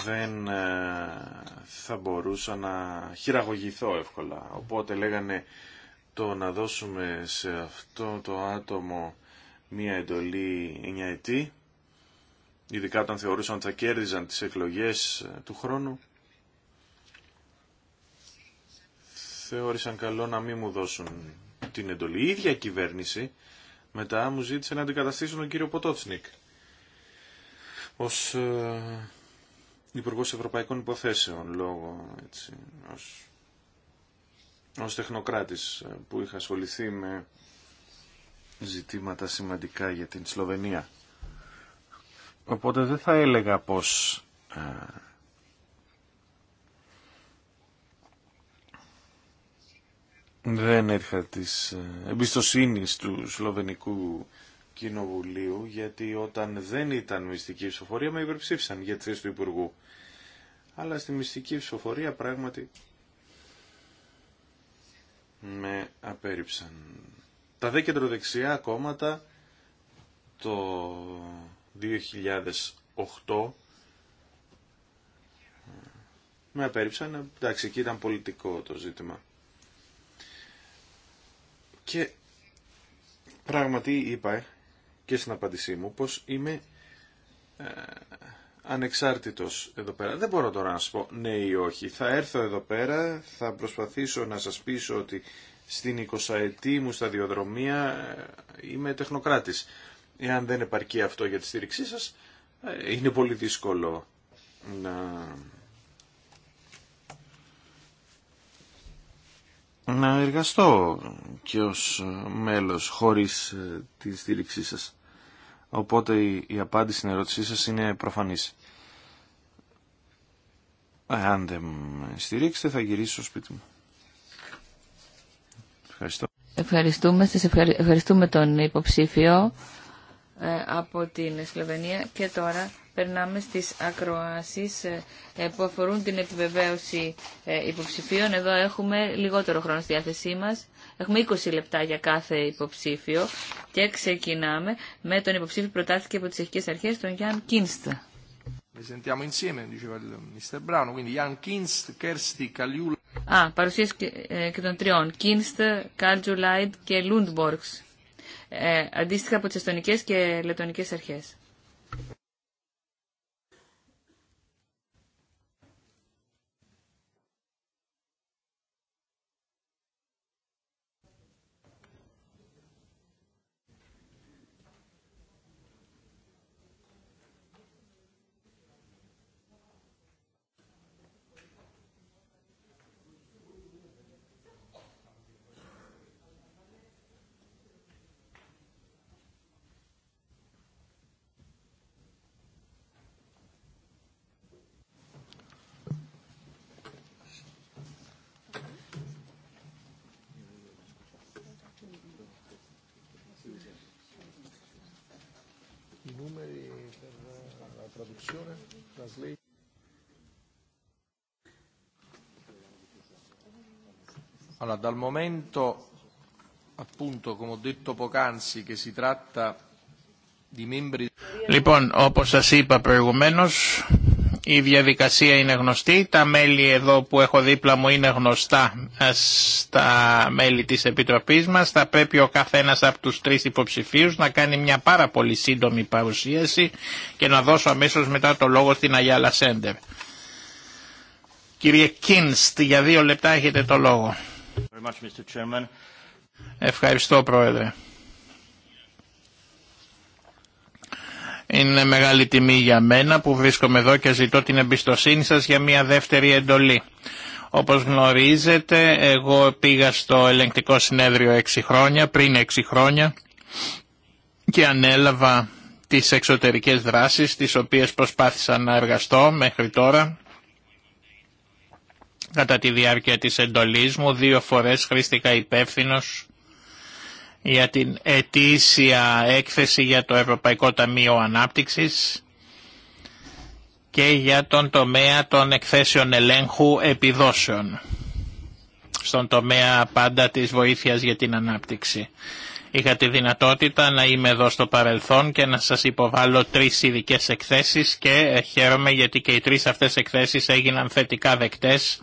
δεν ε, θα μπορούσα να χειραγωγηθώ εύκολα. Οπότε λέγανε το να δώσουμε σε αυτό το άτομο μία εντολή 9 ετή ειδικά όταν θεωρούσαν ότι θα κέρδιζαν τις εκλογές ε, του χρόνου, θεώρησαν καλό να μην μου δώσουν την εντολή. Η ίδια κυβέρνηση μετά μου ζήτησε να αντικαταστήσουν τον κύριο Ποτότσνικ ως ε, υπουργό Ευρωπαϊκών Υποθέσεων λόγω έτσι, ως, ως τεχνοκράτης ε, που είχα ασχοληθεί με ζητήματα σημαντικά για την Σλοβενία. Οπότε δεν θα έλεγα πως ε, δεν έρχα της ε, εμπιστοσύνης του Σλοβενικού Κοινοβουλίου γιατί όταν δεν ήταν μυστική ψηφοφορία με υπερψήφισαν για τρεις του Υπουργού. Αλλά στη μυστική ψηφοφορία πράγματι με απέρριψαν. Τα δε κεντροδεξιά κόμματα το 2008 με απέρριψαν, εντάξει εκεί ήταν πολιτικό το ζήτημα. Και πράγματι είπα ε, και στην απάντησή μου πως είμαι ε, ανεξάρτητος εδώ πέρα. Δεν μπορώ τώρα να σας πω ναι ή όχι. Θα έρθω εδώ πέρα, θα προσπαθήσω να σας πείσω ότι στην 20 η μου σταδιοδρομία ε, είμαι τεχνοκράτης. Εάν δεν επαρκεί αυτό για τη στήριξή σας, ε, είναι πολύ δύσκολο να... να εργαστώ και ως ε, μέλος χωρίς ε, τη στήριξή σας. Οπότε η απάντηση στην ερώτησή σας είναι προφανής. Αν δεν με στηρίξετε θα γυρίσω στο σπίτι μου. Ευχαριστώ. Ευχαριστούμε, σας ευχαριστούμε τον υποψήφιο. Ε, από την Σλοβενία και τώρα περνάμε στις ακροάσεις ε, ε, που αφορούν την επιβεβαίωση υποψηφίων. Εδώ έχουμε λιγότερο χρόνο στη διάθεσή μας. Έχουμε 20 λεπτά για κάθε υποψήφιο και ξεκινάμε με τον υποψήφιο που προτάθηκε από τις Εθνικές Αρχές, τον Γιάνν Κίνστ. Α, παρουσίαση και των τριών. Κίνστ, Κάλτζουλάιντ και Lundborgs. Ε, αντίστοιχα από τι εστονικέ και λετονικές αρχές. Λοιπόν, όπως σας είπα προηγουμένως, η διαδικασία είναι γνωστή. Τα μέλη εδώ που έχω δίπλα μου είναι γνωστά ε, στα μέλη της Επιτροπής μας. Θα πρέπει ο καθένας από τους τρεις υποψηφίους να κάνει μια πάρα πολύ σύντομη παρουσίαση και να δώσω αμέσως μετά το λόγο στην Αγιάλα Σέντερ. Κύριε Κίνστ, για δύο λεπτά έχετε το λόγο. Ευχαριστώ Πρόεδρε. Είναι μεγάλη τιμή για μένα που βρίσκομαι εδώ και ζητώ την εμπιστοσύνη σας για μια δεύτερη εντολή. Όπως γνωρίζετε, εγώ πήγα στο ελεγκτικό συνέδριο 6 χρόνια, πριν 6 χρόνια και ανέλαβα τις εξωτερικές δράσεις τις οποίες προσπάθησα να εργαστώ μέχρι τώρα Κατά τη διάρκεια της εντολής μου δύο φορές χρήστηκα υπεύθυνο για την ετήσια έκθεση για το Ευρωπαϊκό Ταμείο Ανάπτυξης και για τον τομέα των εκθέσεων ελέγχου επιδόσεων στον τομέα πάντα της βοήθειας για την ανάπτυξη. Είχα τη δυνατότητα να είμαι εδώ στο παρελθόν και να σας υποβάλω τρεις ειδικέ εκθέσεις και χαίρομαι γιατί και οι τρεις αυτές εκθέσεις έγιναν θετικά δεκτές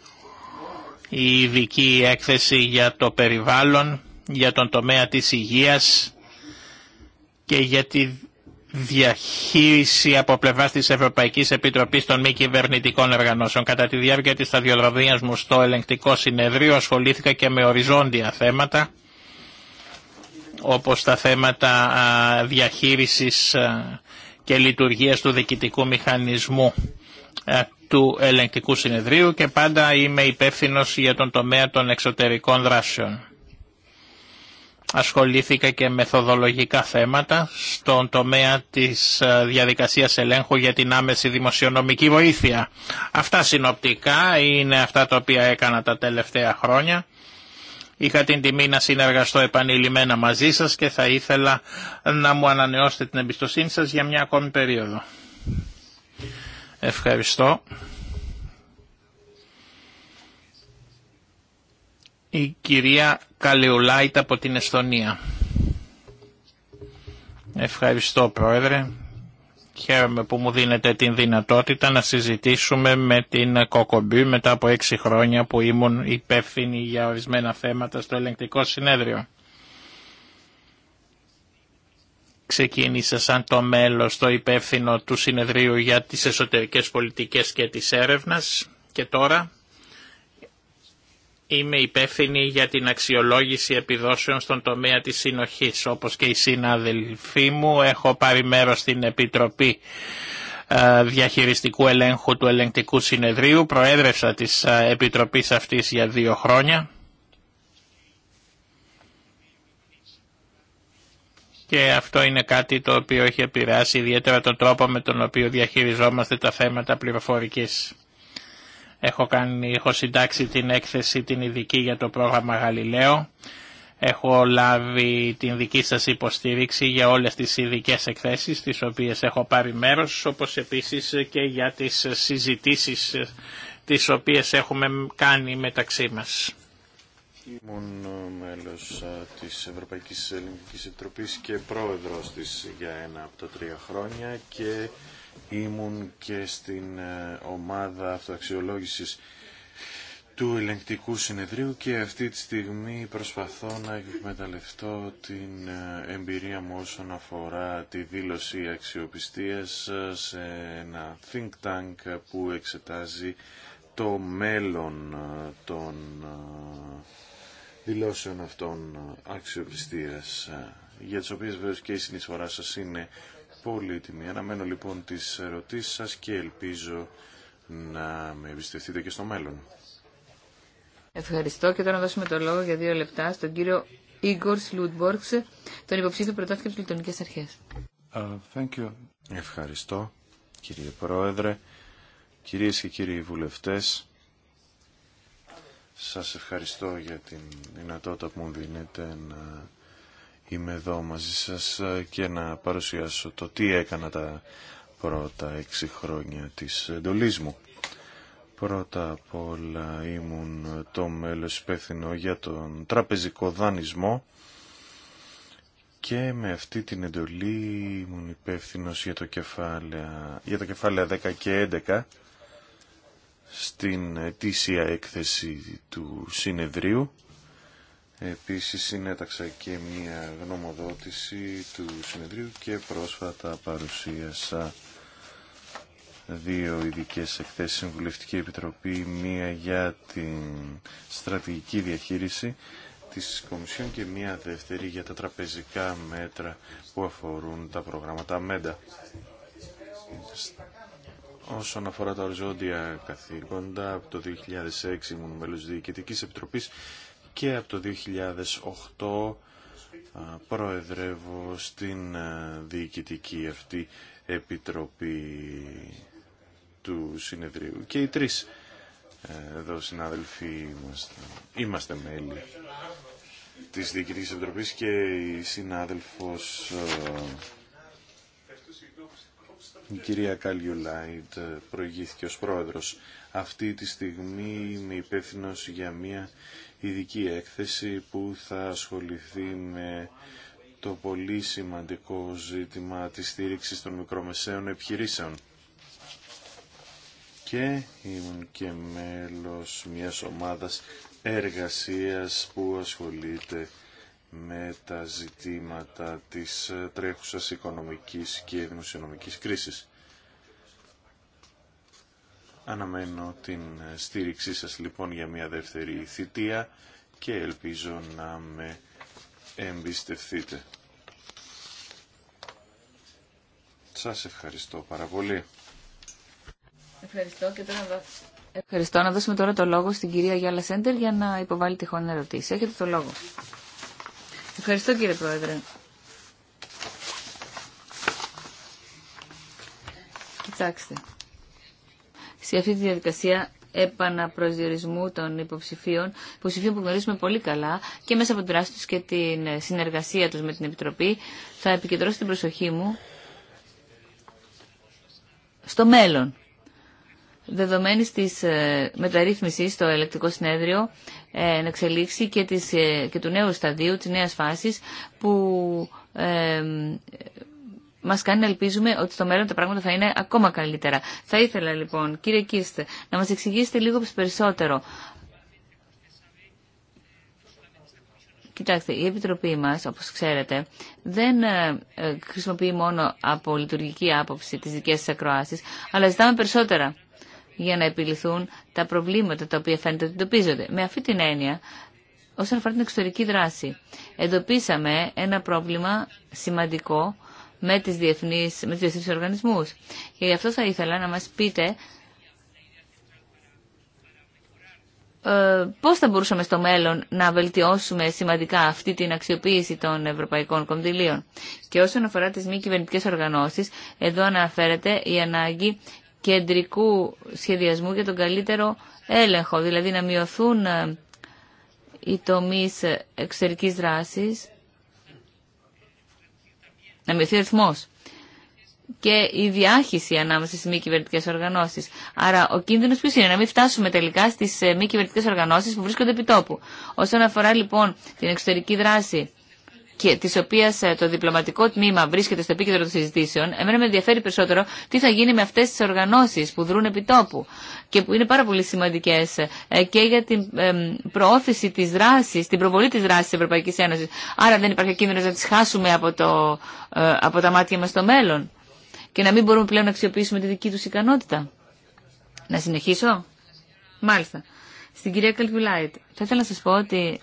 η ειδική έκθεση για το περιβάλλον, για τον τομέα της υγείας και για τη διαχείριση από πλευράς της Ευρωπαϊκής Επιτροπής των μη κυβερνητικών οργανώσεων. Κατά τη διάρκεια της σταδιοδρομίας μου στο ελεγκτικό συνεδρίο ασχολήθηκα και με οριζόντια θέματα όπως τα θέματα διαχείρισης και λειτουργίας του διοικητικού μηχανισμού ε, του ελεγκτικού συνεδρίου και πάντα είμαι υπεύθυνο για τον τομέα των εξωτερικών δράσεων. Ασχολήθηκα και μεθοδολογικά θέματα στον τομέα της ε, διαδικασίας ελέγχου για την άμεση δημοσιονομική βοήθεια. Αυτά συνοπτικά είναι αυτά τα οποία έκανα τα τελευταία χρόνια. Είχα την τιμή να συνεργαστώ επανειλημμένα μαζί σας και θα ήθελα να μου ανανεώσετε την εμπιστοσύνη σας για μια ακόμη περίοδο. Ευχαριστώ. Η κυρία Καλεουλάιτ από την Εστονία. Ευχαριστώ Πρόεδρε. Χαίρομαι που μου δίνετε την δυνατότητα να συζητήσουμε με την Κοκομπή μετά από έξι χρόνια που ήμουν υπεύθυνη για ορισμένα θέματα στο ελεγκτικό συνέδριο. ξεκίνησα σαν το μέλος, το υπεύθυνο του Συνεδρίου για τις Εσωτερικές Πολιτικές και της Έρευνας και τώρα είμαι υπεύθυνη για την αξιολόγηση επιδόσεων στον τομέα της συνοχής. Όπως και οι συναδελφοί μου έχω πάρει μέρος στην Επιτροπή ε, Διαχειριστικού Ελέγχου του Ελεγκτικού Συνεδρίου. Προέδρευσα της ε, Επιτροπής αυτής για δύο χρόνια και αυτό είναι κάτι το οποίο έχει επηρεάσει ιδιαίτερα τον τρόπο με τον οποίο διαχειριζόμαστε τα θέματα πληροφορικής. Έχω, κάνει, έχω συντάξει την έκθεση την ειδική για το πρόγραμμα Γαλιλαίο. Έχω λάβει την δική σας υποστήριξη για όλες τις ειδικέ εκθέσεις τις οποίες έχω πάρει μέρος, όπως επίσης και για τις συζητήσεις τις οποίες έχουμε κάνει μεταξύ μας. Ήμουν μέλος της Ευρωπαϊκής Ελληνικής Επιτροπής και πρόεδρος της για ένα από τα τρία χρόνια και ήμουν και στην ε, ομάδα αυτοαξιολόγησης του ελεγκτικού συνεδρίου και αυτή τη στιγμή προσπαθώ να εκμεταλλευτώ την ε, εμπειρία μου όσον αφορά τη δήλωση αξιοπιστίας ε, σε ένα think tank που εξετάζει το μέλλον των δηλώσεων αυτών αξιοπιστίας ε, για τις οποίες βέβαια και η συνεισφορά σας είναι πολύτιμη. Αναμένω λοιπόν τις ερωτήσεις σας και ελπίζω να με εμπιστευτείτε και στο μέλλον. Ευχαριστώ και τώρα να δώσουμε το λόγο για δύο λεπτά στον κύριο Ίγκορ Σλουτμπορξ, τον υποψήφιο πρωτάθλημα της Λιτωνικής Αρχές. Uh, thank you. Ευχαριστώ κύριε Πρόεδρε, κυρίες και κύριοι βουλευτές. Σας ευχαριστώ για την δυνατότητα που μου δίνετε να είμαι εδώ μαζί σας και να παρουσιάσω το τι έκανα τα πρώτα έξι χρόνια της εντολής μου. Πρώτα απ' όλα ήμουν το μέλος υπεύθυνο για τον τραπεζικό δανεισμό και με αυτή την εντολή ήμουν υπεύθυνο για, το για τα κεφάλαια 10 και 11 στην ετήσια έκθεση του συνεδρίου. Επίσης συνέταξα και μια γνωμοδότηση του συνεδρίου και πρόσφατα παρουσίασα δύο ειδικέ εκθέσεις Συμβουλευτική Επιτροπή, μία για την στρατηγική διαχείριση της Κομισιόν και μία δεύτερη για τα τραπεζικά μέτρα που αφορούν τα προγράμματα ΜΕΝΤΑ. Όσον αφορά τα οριζόντια καθήκοντα, από το 2006 ήμουν μέλος Διοικητικής Επιτροπής και από το 2008 προεδρεύω στην Διοικητική αυτή Επιτροπή του Συνεδρίου. Και οι τρεις ε, εδώ συνάδελφοι είμαστε, είμαστε μέλη της Διοικητικής Επιτροπής και η συνάδελφος ε, η κυρία Καλιουλάιντ προηγήθηκε ως πρόεδρος. Αυτή τη στιγμή είμαι υπεύθυνο για μια ειδική έκθεση που θα ασχοληθεί με το πολύ σημαντικό ζήτημα της στήριξης των μικρομεσαίων επιχειρήσεων. Και ήμουν και μέλος μιας ομάδας εργασίας που ασχολείται με τα ζητήματα της τρέχουσας οικονομικής και δημοσιονομικής κρίσης. Αναμένω την στήριξή σας λοιπόν για μια δεύτερη θητεία και ελπίζω να με εμπιστευτείτε. Σας ευχαριστώ πάρα πολύ. Ευχαριστώ και τώρα να Ευχαριστώ. Να δώσουμε τώρα το λόγο στην κυρία Γιάλα Σέντερ για να υποβάλει τυχόν ερωτήσει. Έχετε το λόγο. Ευχαριστώ κύριε Πρόεδρε. Κοιτάξτε. Σε αυτή τη διαδικασία επαναπροσδιορισμού των υποψηφίων, υποψηφίων που γνωρίζουμε πολύ καλά και μέσα από την δράση τους και την συνεργασία τους με την Επιτροπή, θα επικεντρώσω την προσοχή μου στο μέλλον. Δεδομένης της ε, μεταρρύθμισης στο ελεκτικό συνέδριο, ε, να εξελίξει και, της, ε, και του νέου σταδίου, της νέας φάσης που ε, μας κάνει να ελπίζουμε ότι στο μέλλον τα πράγματα θα είναι ακόμα καλύτερα. Θα ήθελα λοιπόν, κύριε Κίστε, να μας εξηγήσετε λίγο περισσότερο. Κοιτάξτε, η Επιτροπή μας, όπως ξέρετε, δεν ε, χρησιμοποιεί μόνο από λειτουργική άποψη τις δικές της ακροάσεις, αλλά ζητάμε περισσότερα για να επιληθούν τα προβλήματα τα οποία φαίνεται ότι εντοπίζονται. Με αυτή την έννοια, όσον αφορά την εξωτερική δράση, εντοπίσαμε ένα πρόβλημα σημαντικό με, τις διεθνείς, με διεθνείς οργανισμούς. Και γι' αυτό θα ήθελα να μας πείτε πώ ε, πώς θα μπορούσαμε στο μέλλον να βελτιώσουμε σημαντικά αυτή την αξιοποίηση των ευρωπαϊκών κονδυλίων. Και όσον αφορά τις μη κυβερνητικέ οργανώσεις, εδώ αναφέρεται η ανάγκη κεντρικού σχεδιασμού για τον καλύτερο έλεγχο, δηλαδή να μειωθούν ε, οι τομείς εξωτερικής δράσης, να μειωθεί ο ρυθμός και η διάχυση ανάμεσα στις μη κυβερνητικέ οργανώσει. Άρα, ο κίνδυνος ποιος είναι, να μην φτάσουμε τελικά στις ε, μη κυβερνητικέ οργανώσει που βρίσκονται επί τόπου. Όσον αφορά λοιπόν την εξωτερική δράση και τη οποία ε, το διπλωματικό τμήμα βρίσκεται στο επίκεντρο των συζητήσεων, εμένα με ενδιαφέρει περισσότερο τι θα γίνει με αυτέ τι οργανώσει που δρούν επί τόπου και που είναι πάρα πολύ σημαντικέ ε, και για την προώθηση τη δράση, την προβολή τη δράση τη Ευρωπαϊκή Ένωση. Άρα δεν υπάρχει κίνδυνο να τι χάσουμε από, το, ε, από τα μάτια μα στο μέλλον και να μην μπορούμε πλέον να αξιοποιήσουμε τη δική του ικανότητα. Να συνεχίσω. Μάλιστα. Στην κυρία Καλβιλάιτ, θα ήθελα να σα πω ότι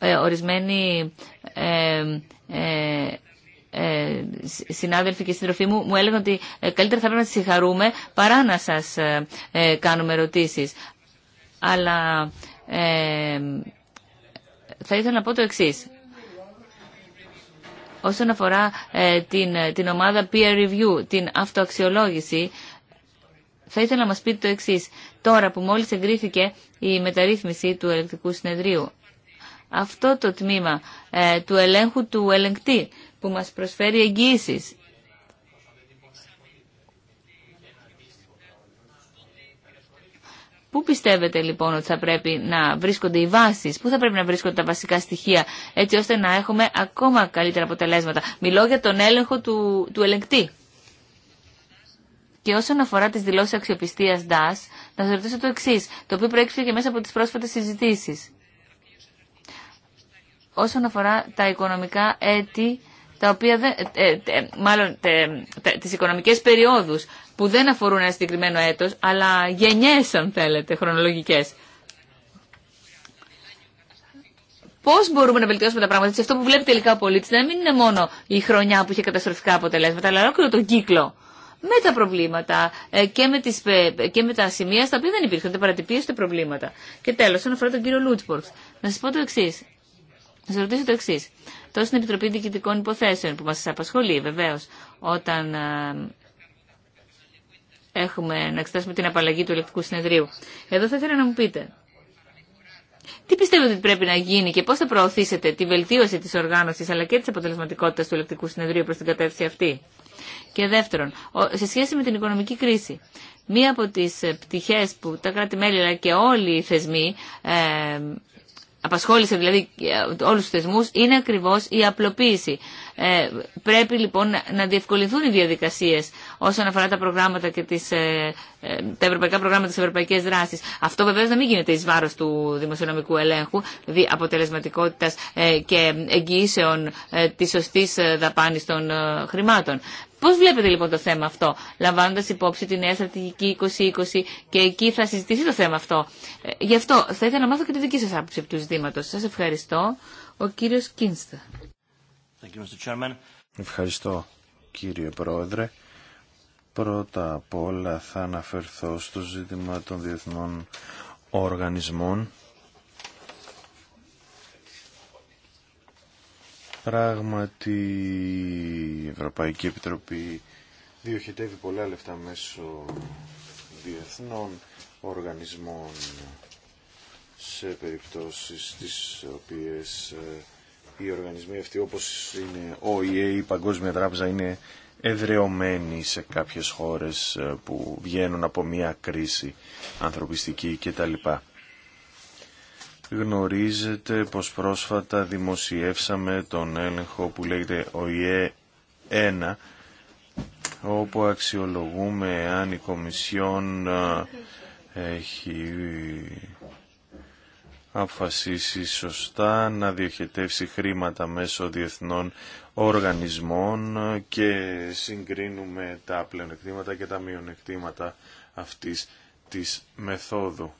Ε, ορισμένοι ε, ε, ε συνάδελφοι και συντροφοί μου μου έλεγαν ότι καλύτερα θα πρέπει να σας συγχαρούμε παρά να σας κάνουμε ερωτήσεις. Αλλά ε, θα ήθελα να πω το εξής. Όσον αφορά την, την ομάδα peer review, την αυτοαξιολόγηση, θα ήθελα να μας πείτε το εξής. Τώρα που μόλις εγκρίθηκε η μεταρρύθμιση του ελεκτικού συνεδρίου, αυτό το τμήμα ε, του ελέγχου του ελεγκτή που μας προσφέρει εγγύησεις. Πού πιστεύετε λοιπόν ότι θα πρέπει να βρίσκονται οι βάσεις, πού θα πρέπει να βρίσκονται τα βασικά στοιχεία, έτσι ώστε να έχουμε ακόμα καλύτερα αποτελέσματα. Μιλώ για τον έλεγχο του, του ελεγκτή. Και όσον αφορά τις δηλώσεις αξιοπιστίας DAS, να σας ρωτήσω το εξής, το οποίο προέκυψε και μέσα από τις πρόσφατες συζητήσεις όσον αφορά τα οικονομικά έτη, τα οποία δεν, ε, ε, ε, μάλλον τε, τε, τις οικονομικές περιόδους που δεν αφορούν ένα συγκεκριμένο έτος, αλλά γενιές αν θέλετε, χρονολογικές. Πώ μπορούμε να βελτιώσουμε τα πράγματα, αυτό που βλέπει τελικά ο πολίτη, να μην είναι μόνο η χρονιά που είχε καταστροφικά αποτελέσματα, αλλά ολόκληρο τον κύκλο με τα προβλήματα και με, τις, και με τα σημεία στα οποία δεν υπήρχαν, τα παρατυπίε, τα προβλήματα. Και τέλο, όσον αφορά τον κύριο Λούτσπορτ, να σα πω το εξή. Να σα ρωτήσω το εξή. Τόσο στην Επιτροπή Διοικητικών Υποθέσεων που μα απασχολεί βεβαίω όταν ε, έχουμε να εξετάσουμε την απαλλαγή του ηλεκτρικού συνεδρίου. Εδώ θα ήθελα να μου πείτε. Τι πιστεύετε ότι πρέπει να γίνει και πώ θα προωθήσετε τη βελτίωση τη οργάνωση αλλά και τη αποτελεσματικότητα του ηλεκτρικού συνεδρίου προ την κατεύθυνση αυτή. Και δεύτερον, σε σχέση με την οικονομική κρίση, μία από τι πτυχέ που τα κράτη-μέλη αλλά και όλοι οι θεσμοί ε, απασχόλησε δηλαδή ε, όλους τους θεσμούς, είναι ακριβώς η απλοποίηση. Ε, πρέπει λοιπόν να διευκολυνθούν οι διαδικασίες όσον αφορά τα προγράμματα και τις, ε, ε τα ευρωπαϊκά προγράμματα της ευρωπαϊκής δράσης. Αυτό βεβαίως να μην γίνεται εις βάρος του δημοσιονομικού ελέγχου, δηλαδή αποτελεσματικότητας ε, και εγγυήσεων ε, της σωστής δαπάνης των χρημάτων. Πώς βλέπετε λοιπόν το θέμα αυτό, λαμβάνοντας υπόψη τη νέα στρατηγική 2020 και εκεί θα συζητηθεί το θέμα αυτό. Ε, γι' αυτό θα ήθελα να μάθω και τη δική σας άποψη του ζητήματος. Σας ευχαριστώ. Ο κύριος Κίνστα. Ευχαριστώ κύριε Πρόεδρε. Πρώτα απ' όλα θα αναφερθώ στο ζήτημα των διεθνών οργανισμών Πράγματι η Ευρωπαϊκή Επιτροπή διοχετεύει πολλά λεφτά μέσω διεθνών οργανισμών σε περιπτώσεις τις οποίες ε, οι οργανισμοί αυτοί όπως είναι ο ΙΕ, η Παγκόσμια Τράπεζα είναι εδρεωμένοι σε κάποιες χώρες ε, που βγαίνουν από μια κρίση ανθρωπιστική κτλ γνωρίζετε πως πρόσφατα δημοσιεύσαμε τον έλεγχο που λέγεται ΟΗΕ 1 όπου αξιολογούμε αν η Κομισιόν ε, έχει αποφασίσει σωστά να διοχετεύσει χρήματα μέσω διεθνών οργανισμών και συγκρίνουμε τα πλεονεκτήματα και τα μειονεκτήματα αυτής της μεθόδου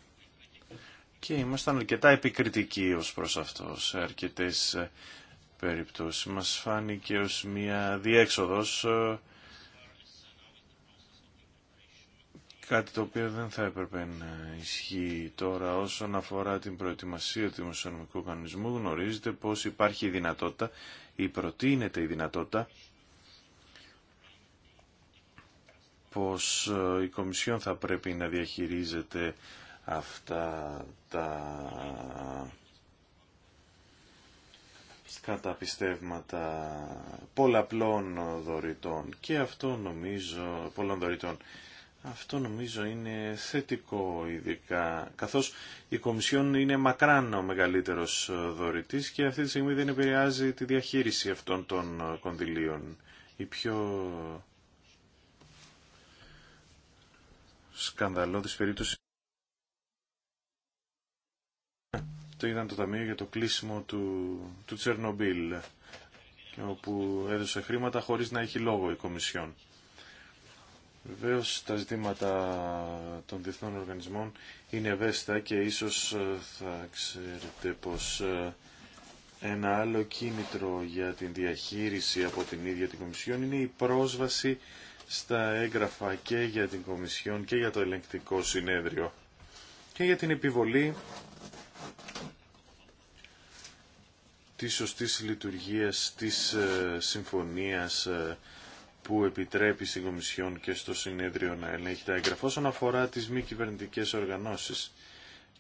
και ήμασταν αρκετά επικριτικοί ως προς αυτό σε αρκετές ε, περιπτώσεις. Μας φάνηκε ως μια διέξοδος ε, κάτι το οποίο δεν θα έπρεπε να ισχύει τώρα όσον αφορά την προετοιμασία του δημοσιονομικού κανονισμού γνωρίζετε πως υπάρχει η δυνατότητα ή προτείνεται η δυνατότητα πως ε, η Κομισιόν θα πρέπει να διαχειρίζεται αυτά τα καταπιστεύματα πολλαπλών δωρητών και αυτό νομίζω, πολλών δωρητών. Αυτό νομίζω είναι θετικό ειδικά, καθώς η Κομισιόν είναι μακράν ο μεγαλύτερος δωρητής και αυτή τη στιγμή δεν επηρεάζει τη διαχείριση αυτών των κονδυλίων. Η πιο σκανδαλώδης περίπτωση το ήταν το ταμείο για το κλείσιμο του, του Τσερνομπίλ όπου έδωσε χρήματα χωρίς να έχει λόγο η Κομισιόν. Βεβαίω τα ζητήματα των διεθνών οργανισμών είναι ευαίσθητα και ίσως ε, θα ξέρετε πως ε, ένα άλλο κίνητρο για την διαχείριση από την ίδια την Κομισιόν είναι η πρόσβαση στα έγγραφα και για την Κομισιόν και για το ελεγκτικό συνέδριο και για την επιβολή της σωστή λειτουργία της συμφωνίας ε, που επιτρέπει στην Κομισιόν και στο συνέδριο να ελέγχει τα έγγραφα όσον αφορά τις μη κυβερνητικέ οργανώσεις.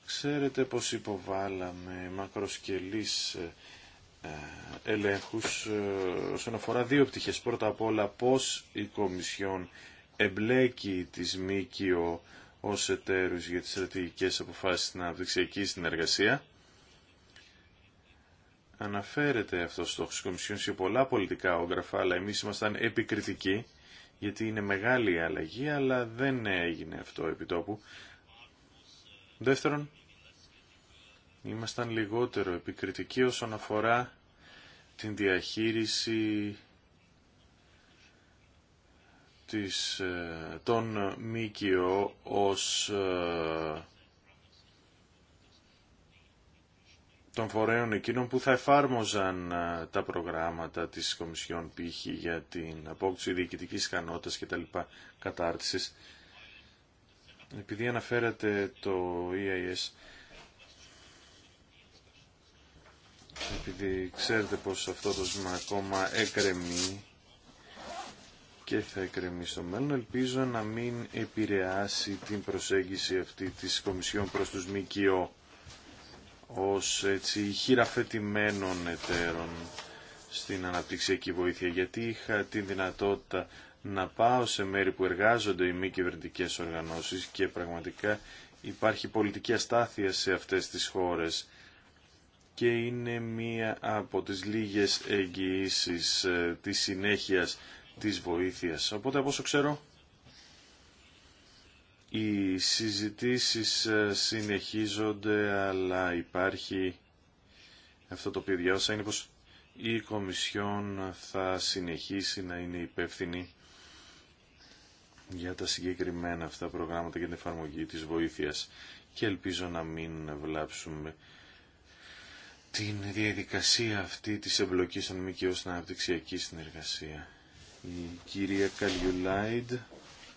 Ξέρετε πως υποβάλαμε μακροσκελής ε, ε, ελέγχους όσον αφορά δύο πτυχές. Πρώτα απ' όλα πώς η Κομισιόν εμπλέκει τις ΜΚΟ ως εταίρους για τις στρατηγικές αποφάσεις στην αναπτυξιακή συνεργασία Αναφέρεται αυτό στο Κομισιόν σε πολλά πολιτικά όγγραφα, αλλά εμείς ήμασταν επικριτικοί, γιατί είναι μεγάλη η αλλαγή, αλλά δεν έγινε αυτό επί τόπου. Δεύτερον, ήμασταν λιγότερο επικριτικοί όσον αφορά την διαχείριση της, ε, των ΜΚΟ ως ε, των φορέων εκείνων που θα εφάρμοζαν τα προγράμματα της Κομισιόν π.χ. για την απόκτηση διοικητικής κανότας και τα λοιπά κατάρτισης. Επειδή αναφέρατε το EIS, επειδή ξέρετε πως αυτό το ζήτημα ακόμα εκρεμεί και θα εκρεμεί στο μέλλον, ελπίζω να μην επηρεάσει την προσέγγιση αυτή της Κομισιόν προς τους ΜΚΟ ως έτσι, χειραφετημένων εταίρων στην αναπτυξιακή βοήθεια, γιατί είχα την δυνατότητα να πάω σε μέρη που εργάζονται οι μη κυβερνητικέ οργανώσεις και πραγματικά υπάρχει πολιτική αστάθεια σε αυτές τις χώρες και είναι μία από τις λίγες εγγυήσεις ε, της συνέχειας της βοήθειας. Οπότε, από όσο ξέρω, οι συζητήσεις ε, συνεχίζονται, αλλά υπάρχει αυτό το οποίο διάβασα είναι πως η Κομισιόν θα συνεχίσει να είναι υπεύθυνη για τα συγκεκριμένα αυτά προγράμματα και την εφαρμογή της βοήθειας και ελπίζω να μην βλάψουμε την διαδικασία αυτή της εμπλοκής των ΜΚΟ στην αναπτυξιακή συνεργασία. Η κυρία Καλιουλάιντ.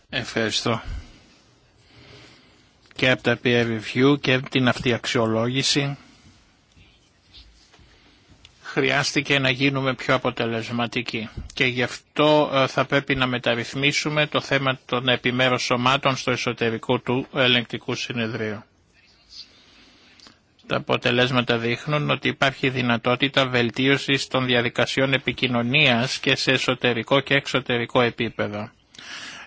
Ευχαριστώ και από τα peer review και από την αυτή χρειάστηκε να γίνουμε πιο αποτελεσματικοί και γι' αυτό ε, θα πρέπει να μεταρρυθμίσουμε το θέμα των επιμέρους σωμάτων στο εσωτερικό του ελεγκτικού συνεδρίου. Τα αποτελέσματα δείχνουν ότι υπάρχει δυνατότητα βελτίωσης των διαδικασιών επικοινωνίας και σε εσωτερικό και εξωτερικό επίπεδο.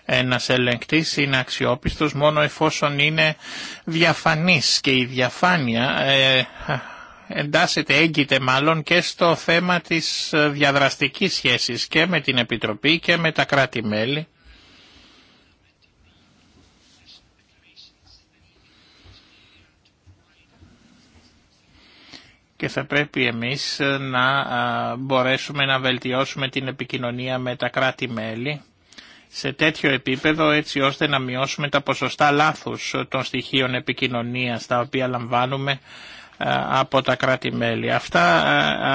Ένας ελεγκτής είναι αξιόπιστος μόνο εφόσον είναι διαφανής και η διαφάνεια ε, εντάσσεται, έγκυται μάλλον και στο θέμα της διαδραστικής σχέσης και με την Επιτροπή και με τα κράτη-μέλη. και θα πρέπει εμείς να ε, μπορέσουμε να βελτιώσουμε την επικοινωνία με τα κράτη-μέλη σε τέτοιο επίπεδο έτσι ώστε να μειώσουμε τα ποσοστά λάθους των στοιχείων επικοινωνίας τα οποία λαμβάνουμε ε, από τα κράτη-μέλη. Αυτά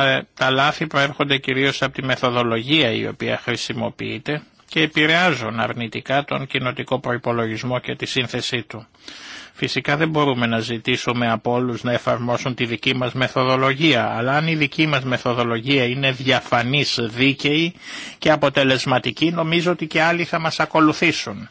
ε, ε, τα λάθη προέρχονται κυρίως από τη μεθοδολογία η οποία χρησιμοποιείται και επηρεάζουν αρνητικά τον κοινοτικό προϋπολογισμό και τη σύνθεσή του. Φυσικά δεν μπορούμε να ζητήσουμε από όλου να εφαρμόσουν τη δική μας μεθοδολογία, αλλά αν η δική μας μεθοδολογία είναι διαφανής, δίκαιη και αποτελεσματική, νομίζω ότι και άλλοι θα μας ακολουθήσουν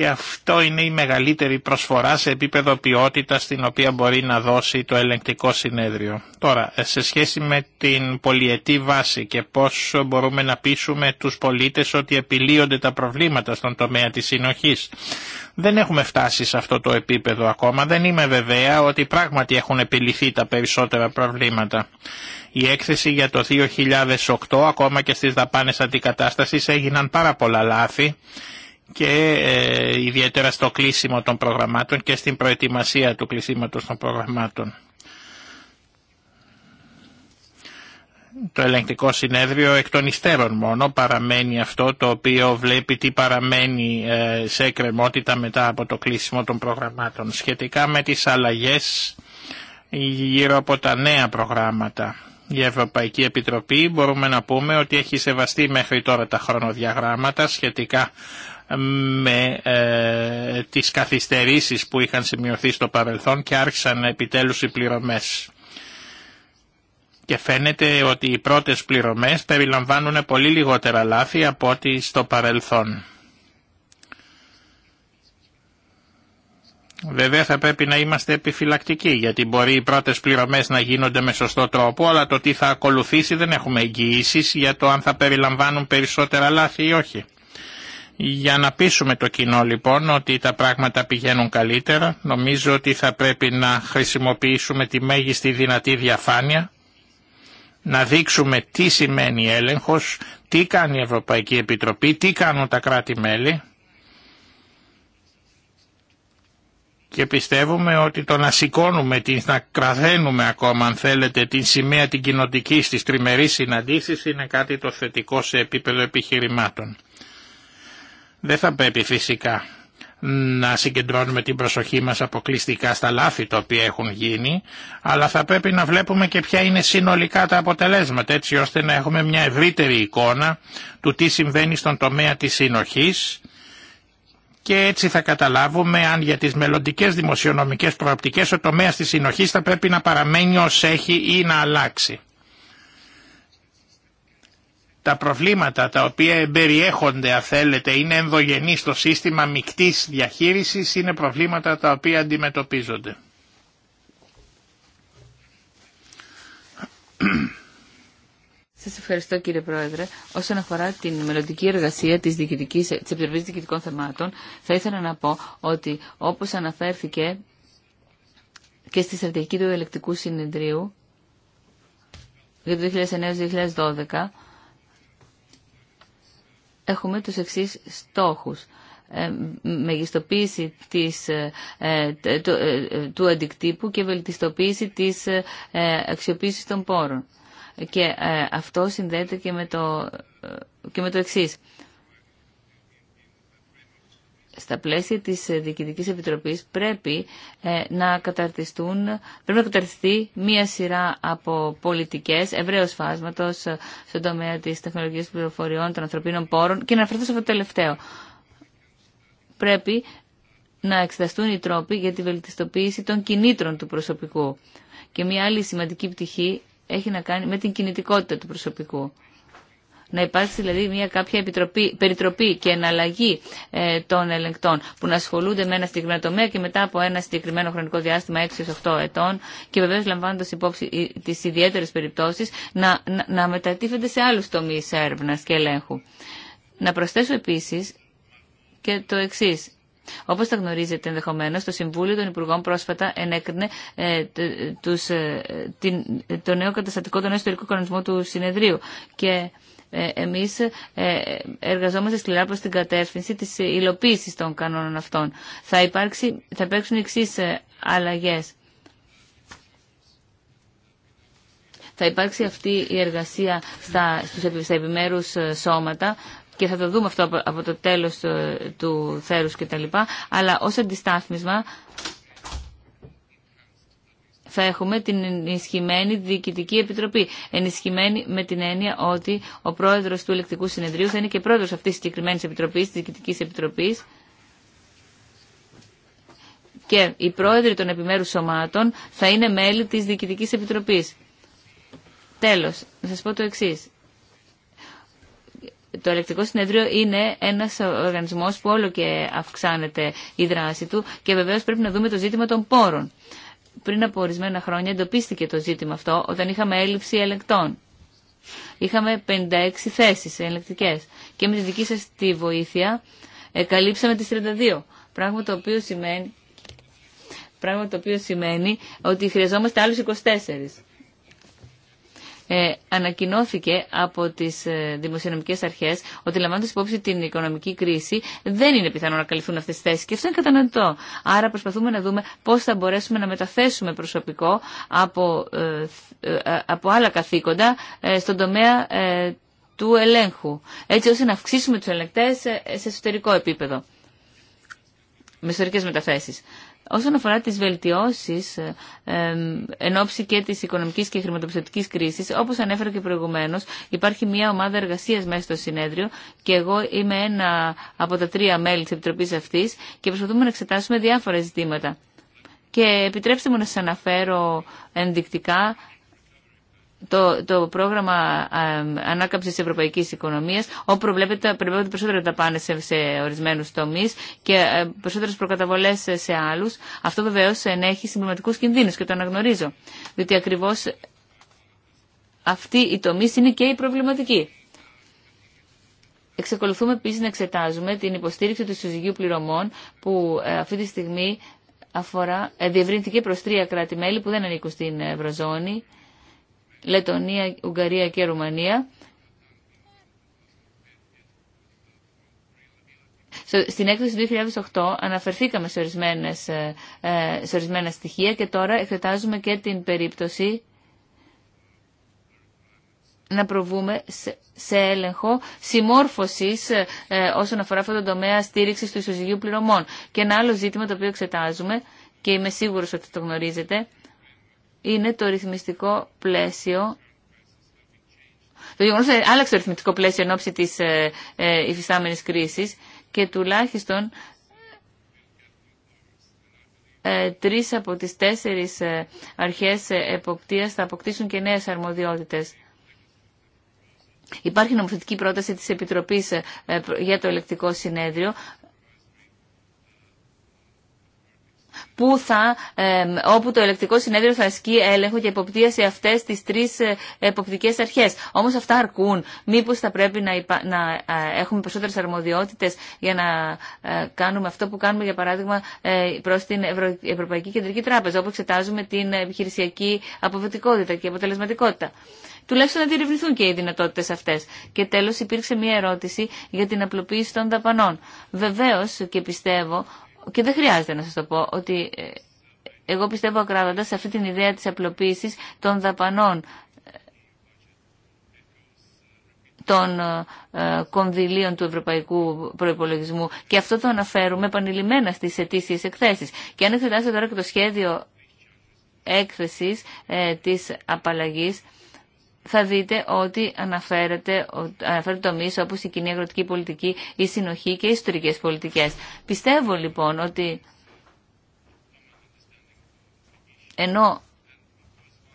και αυτό είναι η μεγαλύτερη προσφορά σε επίπεδο ποιότητα την οποία μπορεί να δώσει το ελεγκτικό συνέδριο. Τώρα, σε σχέση με την πολιετή βάση και πώς μπορούμε να πείσουμε τους πολίτες ότι επιλύονται τα προβλήματα στον τομέα της συνοχής. Δεν έχουμε φτάσει σε αυτό το επίπεδο ακόμα, δεν είμαι βεβαία ότι πράγματι έχουν επιληθεί τα περισσότερα προβλήματα. Η έκθεση για το 2008, ακόμα και στις δαπάνες αντικατάστασης, έγιναν πάρα πολλά λάθη και ε, ιδιαίτερα στο κλείσιμο των προγραμμάτων και στην προετοιμασία του κλεισίματος των προγραμμάτων. Το ελεγκτικό συνέδριο εκ των υστέρων μόνο παραμένει αυτό το οποίο βλέπει τι παραμένει ε, σε εκκρεμότητα μετά από το κλείσιμο των προγραμμάτων. Σχετικά με τις αλλαγές γύρω από τα νέα προγράμματα η Ευρωπαϊκή Επιτροπή μπορούμε να πούμε ότι έχει σεβαστεί μέχρι τώρα τα χρονοδιαγράμματα σχετικά με ε, τις καθυστερήσεις που είχαν σημειωθεί στο παρελθόν και άρχισαν επιτέλους οι πληρωμές. Και φαίνεται ότι οι πρώτες πληρωμές περιλαμβάνουν πολύ λιγότερα λάθη από ό,τι στο παρελθόν. Βέβαια θα πρέπει να είμαστε επιφυλακτικοί γιατί μπορεί οι πρώτες πληρωμές να γίνονται με σωστό τρόπο αλλά το τι θα ακολουθήσει δεν έχουμε εγγυήσει για το αν θα περιλαμβάνουν περισσότερα λάθη ή όχι. Για να πείσουμε το κοινό λοιπόν ότι τα πράγματα πηγαίνουν καλύτερα, νομίζω ότι θα πρέπει να χρησιμοποιήσουμε τη μέγιστη δυνατή διαφάνεια, να δείξουμε τι σημαίνει έλεγχος, τι κάνει η Ευρωπαϊκή Επιτροπή, τι κάνουν τα κράτη-μέλη και πιστεύουμε ότι το να σηκώνουμε, να κραδένουμε ακόμα αν θέλετε την σημαία την κοινοτική στις τριμερείς συναντήσεις είναι κάτι το θετικό σε επίπεδο επιχειρημάτων. Δεν θα πρέπει φυσικά να συγκεντρώνουμε την προσοχή μας αποκλειστικά στα λάθη τα οποία έχουν γίνει, αλλά θα πρέπει να βλέπουμε και ποια είναι συνολικά τα αποτελέσματα, έτσι ώστε να έχουμε μια ευρύτερη εικόνα του τι συμβαίνει στον τομέα της συνοχής και έτσι θα καταλάβουμε αν για τις μελλοντικές δημοσιονομικές προοπτικές ο τομέας της συνοχής θα πρέπει να παραμένει ως έχει ή να αλλάξει τα προβλήματα τα οποία εμπεριέχονται αν θέλετε είναι ενδογενή στο σύστημα μικτής διαχείρισης είναι προβλήματα τα οποία αντιμετωπίζονται. Σας ευχαριστώ κύριε Πρόεδρε. Όσον αφορά την μελλοντική εργασία της, της Επιτροπής Διοικητικών Θεμάτων, θα ήθελα να πω ότι όπως αναφέρθηκε και στη στρατηγική του ελεκτικού συνεδρίου για το 2009-2012, έχουμε τους εξής στόχους. Ε, μεγιστοποίηση της, ε, ε, ε, του αντικτύπου και βελτιστοποίηση της αξιοποίησης των πόρων. Και αυτό συνδέεται και με το, και με το εξής στα πλαίσια της ε, Διοικητικής Επιτροπής πρέπει ε, να καταρτιστούν, πρέπει να καταρτιστεί μία σειρά από πολιτικές ευρέως φάσματος ε, στον τομέα της τεχνολογίας πληροφοριών, των ανθρωπίνων πόρων και να αναφερθώ σε αυτό το τελευταίο. Πρέπει να εξεταστούν οι τρόποι για τη βελτιστοποίηση των κινήτρων του προσωπικού. Και μία άλλη σημαντική πτυχή έχει να κάνει με την κινητικότητα του προσωπικού. Να υπάρξει δηλαδή μια κάποια επιτροπή, περιτροπή και εναλλαγή ε, των ελεγκτών που να ασχολούνται με ένα συγκεκριμένο τομέα και μετά από ένα συγκεκριμένο χρονικό διάστημα 6-8 ετών και βεβαίω λαμβάνοντα υπόψη τι ιδιαίτερε περιπτώσει να, να, μετατίθενται σε άλλου τομεί έρευνα και ελέγχου. Να προσθέσω επίση και το εξή. Όπω τα γνωρίζετε ενδεχομένω, το Συμβούλιο των Υπουργών πρόσφατα ενέκρινε ε, τους, ε, το νέο καταστατικό, τον νέο ιστορικό του συνεδρίου. Και ε, εμείς ε, εργαζόμαστε σκληρά προς την κατεύθυνση της υλοποίησης των κανόνων αυτών. Θα, υπάρξει, θα υπάρξουν εξή ε, αλλαγές. Θα υπάρξει αυτή η εργασία στα, στους, επιμέρους σώματα και θα το δούμε αυτό από το τέλος του θέρους κτλ. Αλλά ως αντιστάθμισμα θα έχουμε την ενισχυμένη Διοικητική Επιτροπή. Ενισχυμένη με την έννοια ότι ο πρόεδρο του Ελεκτικού Συνεδρίου θα είναι και πρόεδρος αυτή τη συγκεκριμένη επιτροπή τη διοικητική επιτροπή. Και οι πρόεδροι των επιμέρου σωμάτων θα είναι μέλη τη διοικητική επιτροπή. Τέλο, να σα πω το εξή. Το ελεκτικό συνεδρίο είναι ένα οργανισμό που όλο και αυξάνεται η δράση του και βεβαίω πρέπει να δούμε το ζήτημα των πόρων πριν από ορισμένα χρόνια εντοπίστηκε το ζήτημα αυτό όταν είχαμε έλλειψη ελεκτών. Είχαμε 56 θέσεις ελεκτικές και με τη δική σας τη βοήθεια ε, καλύψαμε τις 32. Πράγμα το οποίο σημαίνει, πράγμα το οποίο σημαίνει ότι χρειαζόμαστε άλλους 24 ε, ανακοινώθηκε από τι ε, δημοσιονομικέ αρχέ ότι λαμβάνοντα υπόψη την οικονομική κρίση δεν είναι πιθανό να καλυφθούν αυτέ τι θέσει. Και αυτό είναι κατανοητό. Άρα προσπαθούμε να δούμε πώ θα μπορέσουμε να μεταθέσουμε προσωπικό από, ε, ε, ε, από άλλα καθήκοντα στον τομέα του ελέγχου. Έτσι ώστε να αυξήσουμε του ελεγκτέ σε εσωτερικό επίπεδο. Με εσωτερικέ μεταθέσει. Όσον αφορά τις βελτιώσεις ε, εν ώψη και της οικονομικής και χρηματοπιστωτικής κρίσης, όπως ανέφερα και προηγουμένως, υπάρχει μια ομάδα εργασίας μέσα στο συνέδριο και εγώ είμαι ένα από τα τρία μέλη της Επιτροπής αυτής και προσπαθούμε να εξετάσουμε διάφορα ζητήματα. Και επιτρέψτε μου να σας αναφέρω ενδεικτικά το, το πρόγραμμα ανάκαμψη ευρωπαϊκή οικονομία, όπου προβλέπεται, περισσότερα ταπάνε σε, σε ορισμένου τομεί και ε, περισσότερε προκαταβολέ σε, σε άλλου. Αυτό βεβαίω ενέχει συμπληρωματικού κινδύνου και το αναγνωρίζω. Διότι ακριβώ αυτή η τομή είναι και η προβληματική. Εξακολουθούμε επίση να εξετάζουμε την υποστήριξη του συζυγίου πληρωμών που ε, αυτή τη στιγμή αφορά, ε, διευρύνθηκε προ τρία κράτη-μέλη που δεν ανήκουν στην Ευρωζώνη Λετωνία, Ουγγαρία και Ρουμανία. Στην έκθεση του 2008 αναφερθήκαμε σε, ορισμένες, ε, ε, σε ορισμένα στοιχεία και τώρα εξετάζουμε και την περίπτωση να προβούμε σε έλεγχο συμμόρφωσης ε, όσον αφορά αυτό το τομέα στήριξης του ισοζυγίου πληρωμών. Και ένα άλλο ζήτημα το οποίο εξετάζουμε και είμαι σίγουρος ότι το γνωρίζετε είναι το ρυθμιστικό πλαίσιο το γεγονό ότι άλλαξε το ρυθμιστικό πλαίσιο εν ώψη τη ε, ε κρίση και τουλάχιστον ε, τρει από τι τέσσερι ε, αρχέ εποπτεία θα αποκτήσουν και νέε αρμοδιότητε. Υπάρχει νομοθετική πρόταση της Επιτροπής ε, ε, για το ελεκτικό συνέδριο που θα, όπου το ελεκτικό συνέδριο θα ασκεί έλεγχο και υποπτία σε αυτέ τι τρει ε, εποπτικές αρχέ. Όμω αυτά αρκούν. Μήπω θα πρέπει να, να ε, έχουμε περισσότερε αρμοδιότητε για να ε, κάνουμε αυτό που κάνουμε για παράδειγμα προ την Ευρωπαϊκή Κεντρική Τράπεζα όπου εξετάζουμε την επιχειρησιακή αποδοτικότητα και αποτελεσματικότητα τουλάχιστον να διερευνηθούν και οι δυνατότητε αυτέ. Και τέλο, υπήρξε μία ερώτηση για την απλοποίηση των δαπανών. Βεβαίω και πιστεύω και δεν χρειάζεται να σας το πω ότι ε, εγώ πιστεύω ακράδαντα σε αυτή την ιδέα της απλοποίησης των δαπανών ε, των ε, κονδυλίων του ευρωπαϊκού προϋπολογισμού και αυτό το αναφέρουμε επανειλημμένα στις ετήσιες εκθέσεις. Και αν εξετάσετε τώρα και το σχέδιο έκθεσης ε, της απαλλαγής, θα δείτε ότι αναφέρεται, αναφέρεται μίσο όπως η κοινή αγροτική πολιτική, η συνοχή και οι ιστορικές πολιτικές. Πιστεύω λοιπόν ότι ενώ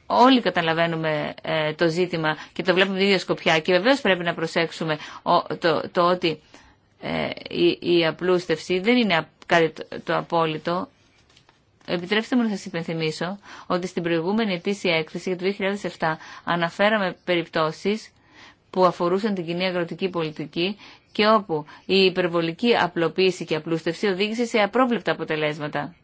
όλοι καταλαβαίνουμε ε, το ζήτημα και το βλέπουμε την ίδια σκοπιά και βεβαίως πρέπει να προσέξουμε το, το ότι ε, η, η απλούστευση δεν είναι κάτι το απόλυτο Επιτρέψτε μου να σας υπενθυμίσω ότι στην προηγούμενη ετήσια έκθεση για το 2007 αναφέραμε περιπτώσεις που αφορούσαν την κοινή αγροτική πολιτική και όπου η υπερβολική απλοποίηση και απλούστευση οδήγησε σε απρόβλεπτα αποτελέσματα.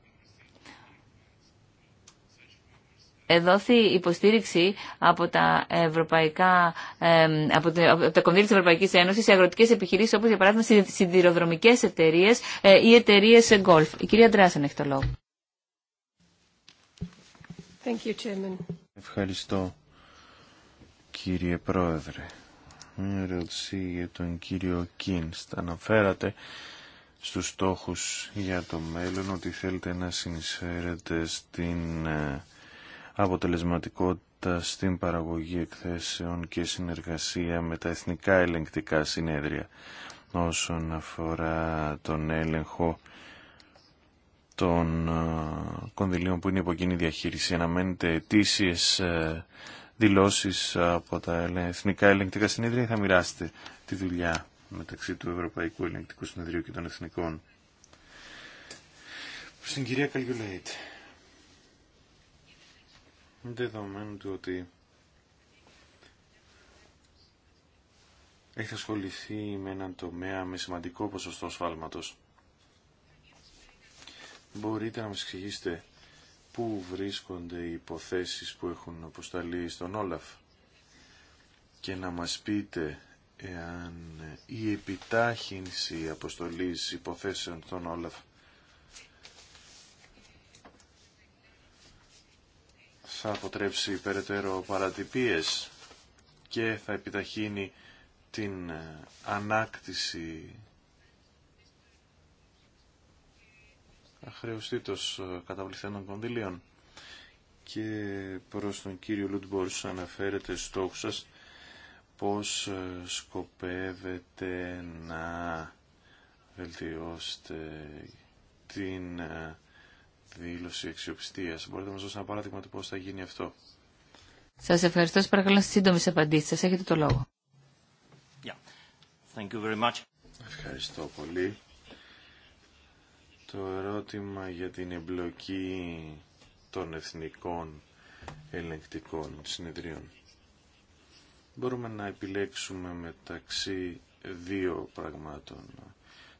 Εδόθη υποστήριξη από τα, ευρωπαϊκά, από τα κονδύλια της Ευρωπαϊκής Ένωσης σε αγροτικές επιχειρήσεις όπως για παράδειγμα σιδηροδρομικές εταιρείες ε, ή εταιρείες γκολφ. Η κυρία Ντράσεν έχει το λόγο. Ευχαριστώ κύριε Πρόεδρε. Μια ερώτηση για τον κύριο Κίνστ. Αναφέρατε στους στόχους για το μέλλον ότι θέλετε να συνεισφέρετε στην ε, αποτελεσματικότητα στην παραγωγή εκθέσεων και συνεργασία με τα εθνικά ελεγκτικά συνέδρια όσον αφορά τον έλεγχο των ε, κονδυλίων που είναι υπό κοινή διαχείριση. Αναμένεται αιτήσιε δηλώσεις από τα εθνικά ελεγκτικά συνέδρια ή θα μοιράσετε τη δουλειά μεταξύ του Ευρωπαϊκού Ελεγκτικού Συνεδρίου και των Εθνικών. Στην κυρία Καλιουλέιτ. Δεδομένου του ότι έχει ασχοληθεί με έναν τομέα με σημαντικό ποσοστό σφάλματος μπορείτε να μας εξηγήσετε πού βρίσκονται οι υποθέσεις που έχουν αποσταλεί στον Όλαφ και να μας πείτε εάν η επιτάχυνση αποστολής υποθέσεων των Όλαφ θα αποτρέψει περαιτέρω παρατυπίες και θα επιταχύνει την ανάκτηση χρεωστήτως ε, καταβληθένων κονδυλίων. Και προς τον κύριο Λουτμπόρς αναφέρετε στόχους σας πώς ε, σκοπεύετε να βελτιώσετε την ε, δήλωση αξιοπιστίας. Μπορείτε να μας δώσετε ένα παράδειγμα του πώς θα γίνει αυτό. Σας ευχαριστώ. Σας παρακαλώ σύντομες απαντήσεις. Σας έχετε το λόγο. Yeah. Thank you very much. Ευχαριστώ πολύ. Το ερώτημα για την εμπλοκή των εθνικών ελεγκτικών συνεδρίων. Μπορούμε να επιλέξουμε μεταξύ δύο πραγμάτων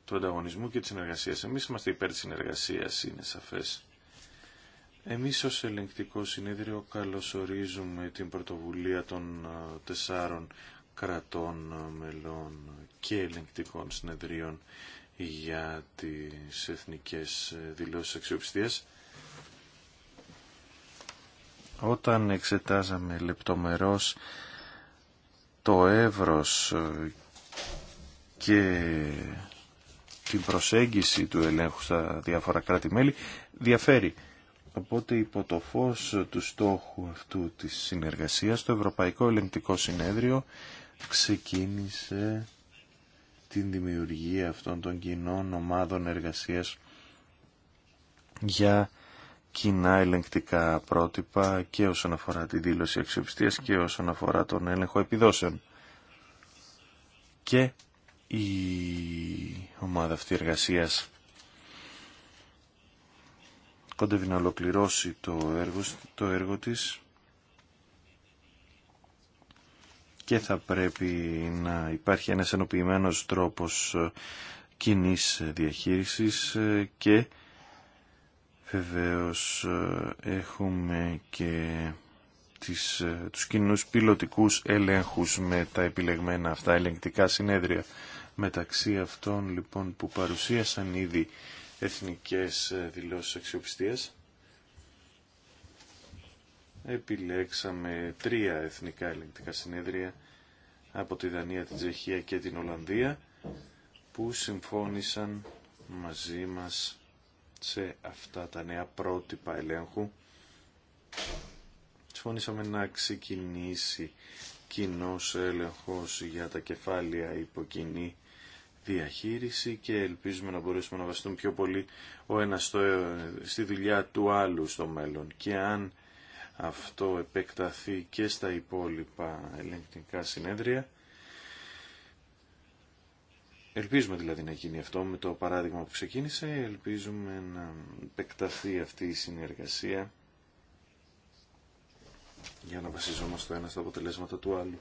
του ανταγωνισμού και της συνεργασίας. Εμείς είμαστε υπέρ της συνεργασίας, είναι σαφές. Εμείς ως ελεγκτικό συνέδριο καλωσορίζουμε την πρωτοβουλία των ε, τεσσάρων κρατών ε, μελών και ελεγκτικών συνεδρίων για τις εθνικές δηλώσεις αξιοπιστίας. Όταν εξετάζαμε λεπτομερώς το εύρος ε, και την προσέγγιση του ελέγχου στα διάφορα κράτη-μέλη διαφέρει. Οπότε υπό το φως του στόχου αυτού της συνεργασίας το Ευρωπαϊκό Ελεγκτικό Συνέδριο ξεκίνησε την δημιουργία αυτών των κοινών ομάδων εργασίας για κοινά ελεγκτικά πρότυπα και όσον αφορά τη δήλωση αξιοπιστίας και όσον αφορά τον έλεγχο επιδόσεων. Και η ομάδα αυτή εργασίας κοντεύει να ολοκληρώσει το έργο, το έργο της και θα πρέπει να υπάρχει ένας ενοποιημένος τρόπος ε, κοινή διαχείρισης ε, και βεβαίως ε, έχουμε και τις, τους κοινούς πιλωτικούς ελέγχους με τα επιλεγμένα αυτά ελεγκτικά συνέδρια. Μεταξύ αυτών λοιπόν που παρουσίασαν ήδη εθνικές δηλώσεις αξιοπιστίας επιλέξαμε τρία εθνικά ελεγκτικά συνέδρια από τη Δανία, την Τσεχία και την Ολλανδία που συμφώνησαν μαζί μας σε αυτά τα νέα πρότυπα ελέγχου. Συμφωνήσαμε να ξεκινήσει κοινός έλεγχος για τα κεφάλια υποκοινή διαχείριση και ελπίζουμε να μπορέσουμε να βαστούν πιο πολύ ο ένας στο, ε, στη δουλειά του άλλου στο μέλλον. Και αν αυτό επεκταθεί και στα υπόλοιπα ελεγκτικά συνέδρια. Ελπίζουμε δηλαδή να γίνει αυτό με το παράδειγμα που ξεκίνησε, ελπίζουμε να επεκταθεί αυτή η συνεργασία για να βασιζόμαστε ένα στα αποτελέσματα του άλλου.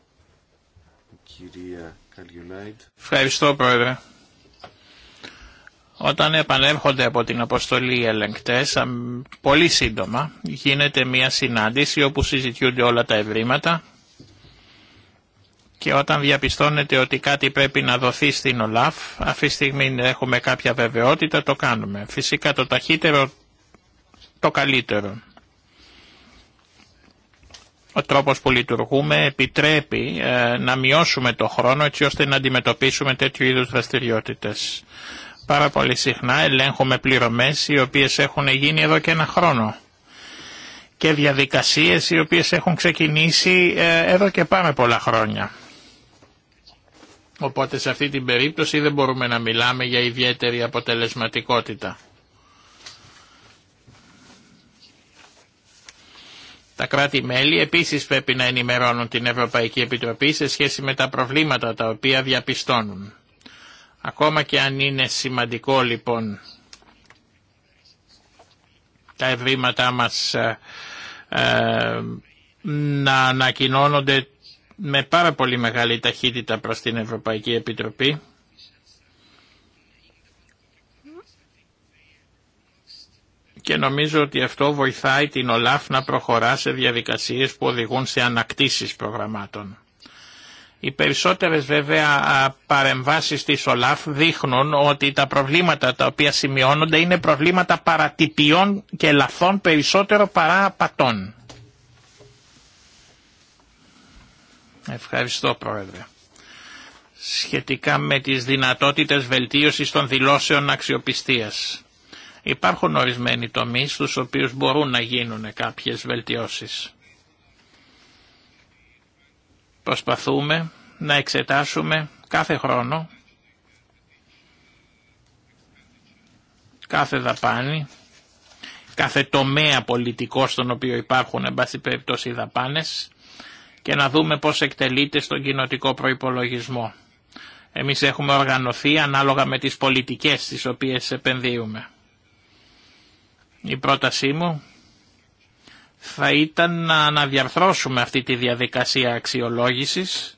κυρία Καλιουλάιντ. Ευχαριστώ πρόεδρε. Όταν επανέρχονται από την αποστολή οι ελεγκτές, πολύ σύντομα γίνεται μια συνάντηση όπου συζητούνται όλα τα ευρήματα και όταν διαπιστώνεται ότι κάτι πρέπει να δοθεί στην ΟΛΑΦ, αυτή τη στιγμή έχουμε κάποια βεβαιότητα, το κάνουμε. Φυσικά το ταχύτερο, το καλύτερο. Ο τρόπος που λειτουργούμε επιτρέπει ε, να μειώσουμε το χρόνο έτσι ώστε να αντιμετωπίσουμε τέτοιου είδους δραστηριότητες. Πάρα πολύ συχνά ελέγχουμε πληρωμές οι οποίες έχουν γίνει εδώ και ένα χρόνο και διαδικασίες οι οποίες έχουν ξεκινήσει ε, εδώ και πάμε πολλά χρόνια. Οπότε σε αυτή την περίπτωση δεν μπορούμε να μιλάμε για ιδιαίτερη αποτελεσματικότητα. Τα κράτη-μέλη επίσης πρέπει να ενημερώνουν την Ευρωπαϊκή Επιτροπή σε σχέση με τα προβλήματα τα οποία διαπιστώνουν. Ακόμα και αν είναι σημαντικό λοιπόν τα ευρήματά μας ε, ε, να ανακοινώνονται με πάρα πολύ μεγάλη ταχύτητα προς την Ευρωπαϊκή Επιτροπή. Και νομίζω ότι αυτό βοηθάει την ΟΛΑΦ να προχωρά σε διαδικασίες που οδηγούν σε ανακτήσεις προγραμμάτων. Οι περισσότερες βέβαια παρεμβάσεις της ΟΛΑΦ δείχνουν ότι τα προβλήματα τα οποία σημειώνονται είναι προβλήματα παρατυπιών και λαθών περισσότερο παρά απατών. Ευχαριστώ Πρόεδρε. Σχετικά με τις δυνατότητες βελτίωσης των δηλώσεων αξιοπιστίας. Υπάρχουν ορισμένοι τομείς στους οποίους μπορούν να γίνουν κάποιες βελτιώσεις. Προσπαθούμε να εξετάσουμε κάθε χρόνο, κάθε δαπάνη, κάθε τομέα πολιτικό στον οποίο υπάρχουν εν πάση περιπτώσει και να δούμε πώς εκτελείται στον κοινοτικό προϋπολογισμό. Εμείς έχουμε οργανωθεί ανάλογα με τις πολιτικές τις οποίες επενδύουμε. Η πρότασή μου θα ήταν να αναδιαρθρώσουμε αυτή τη διαδικασία αξιολόγησης,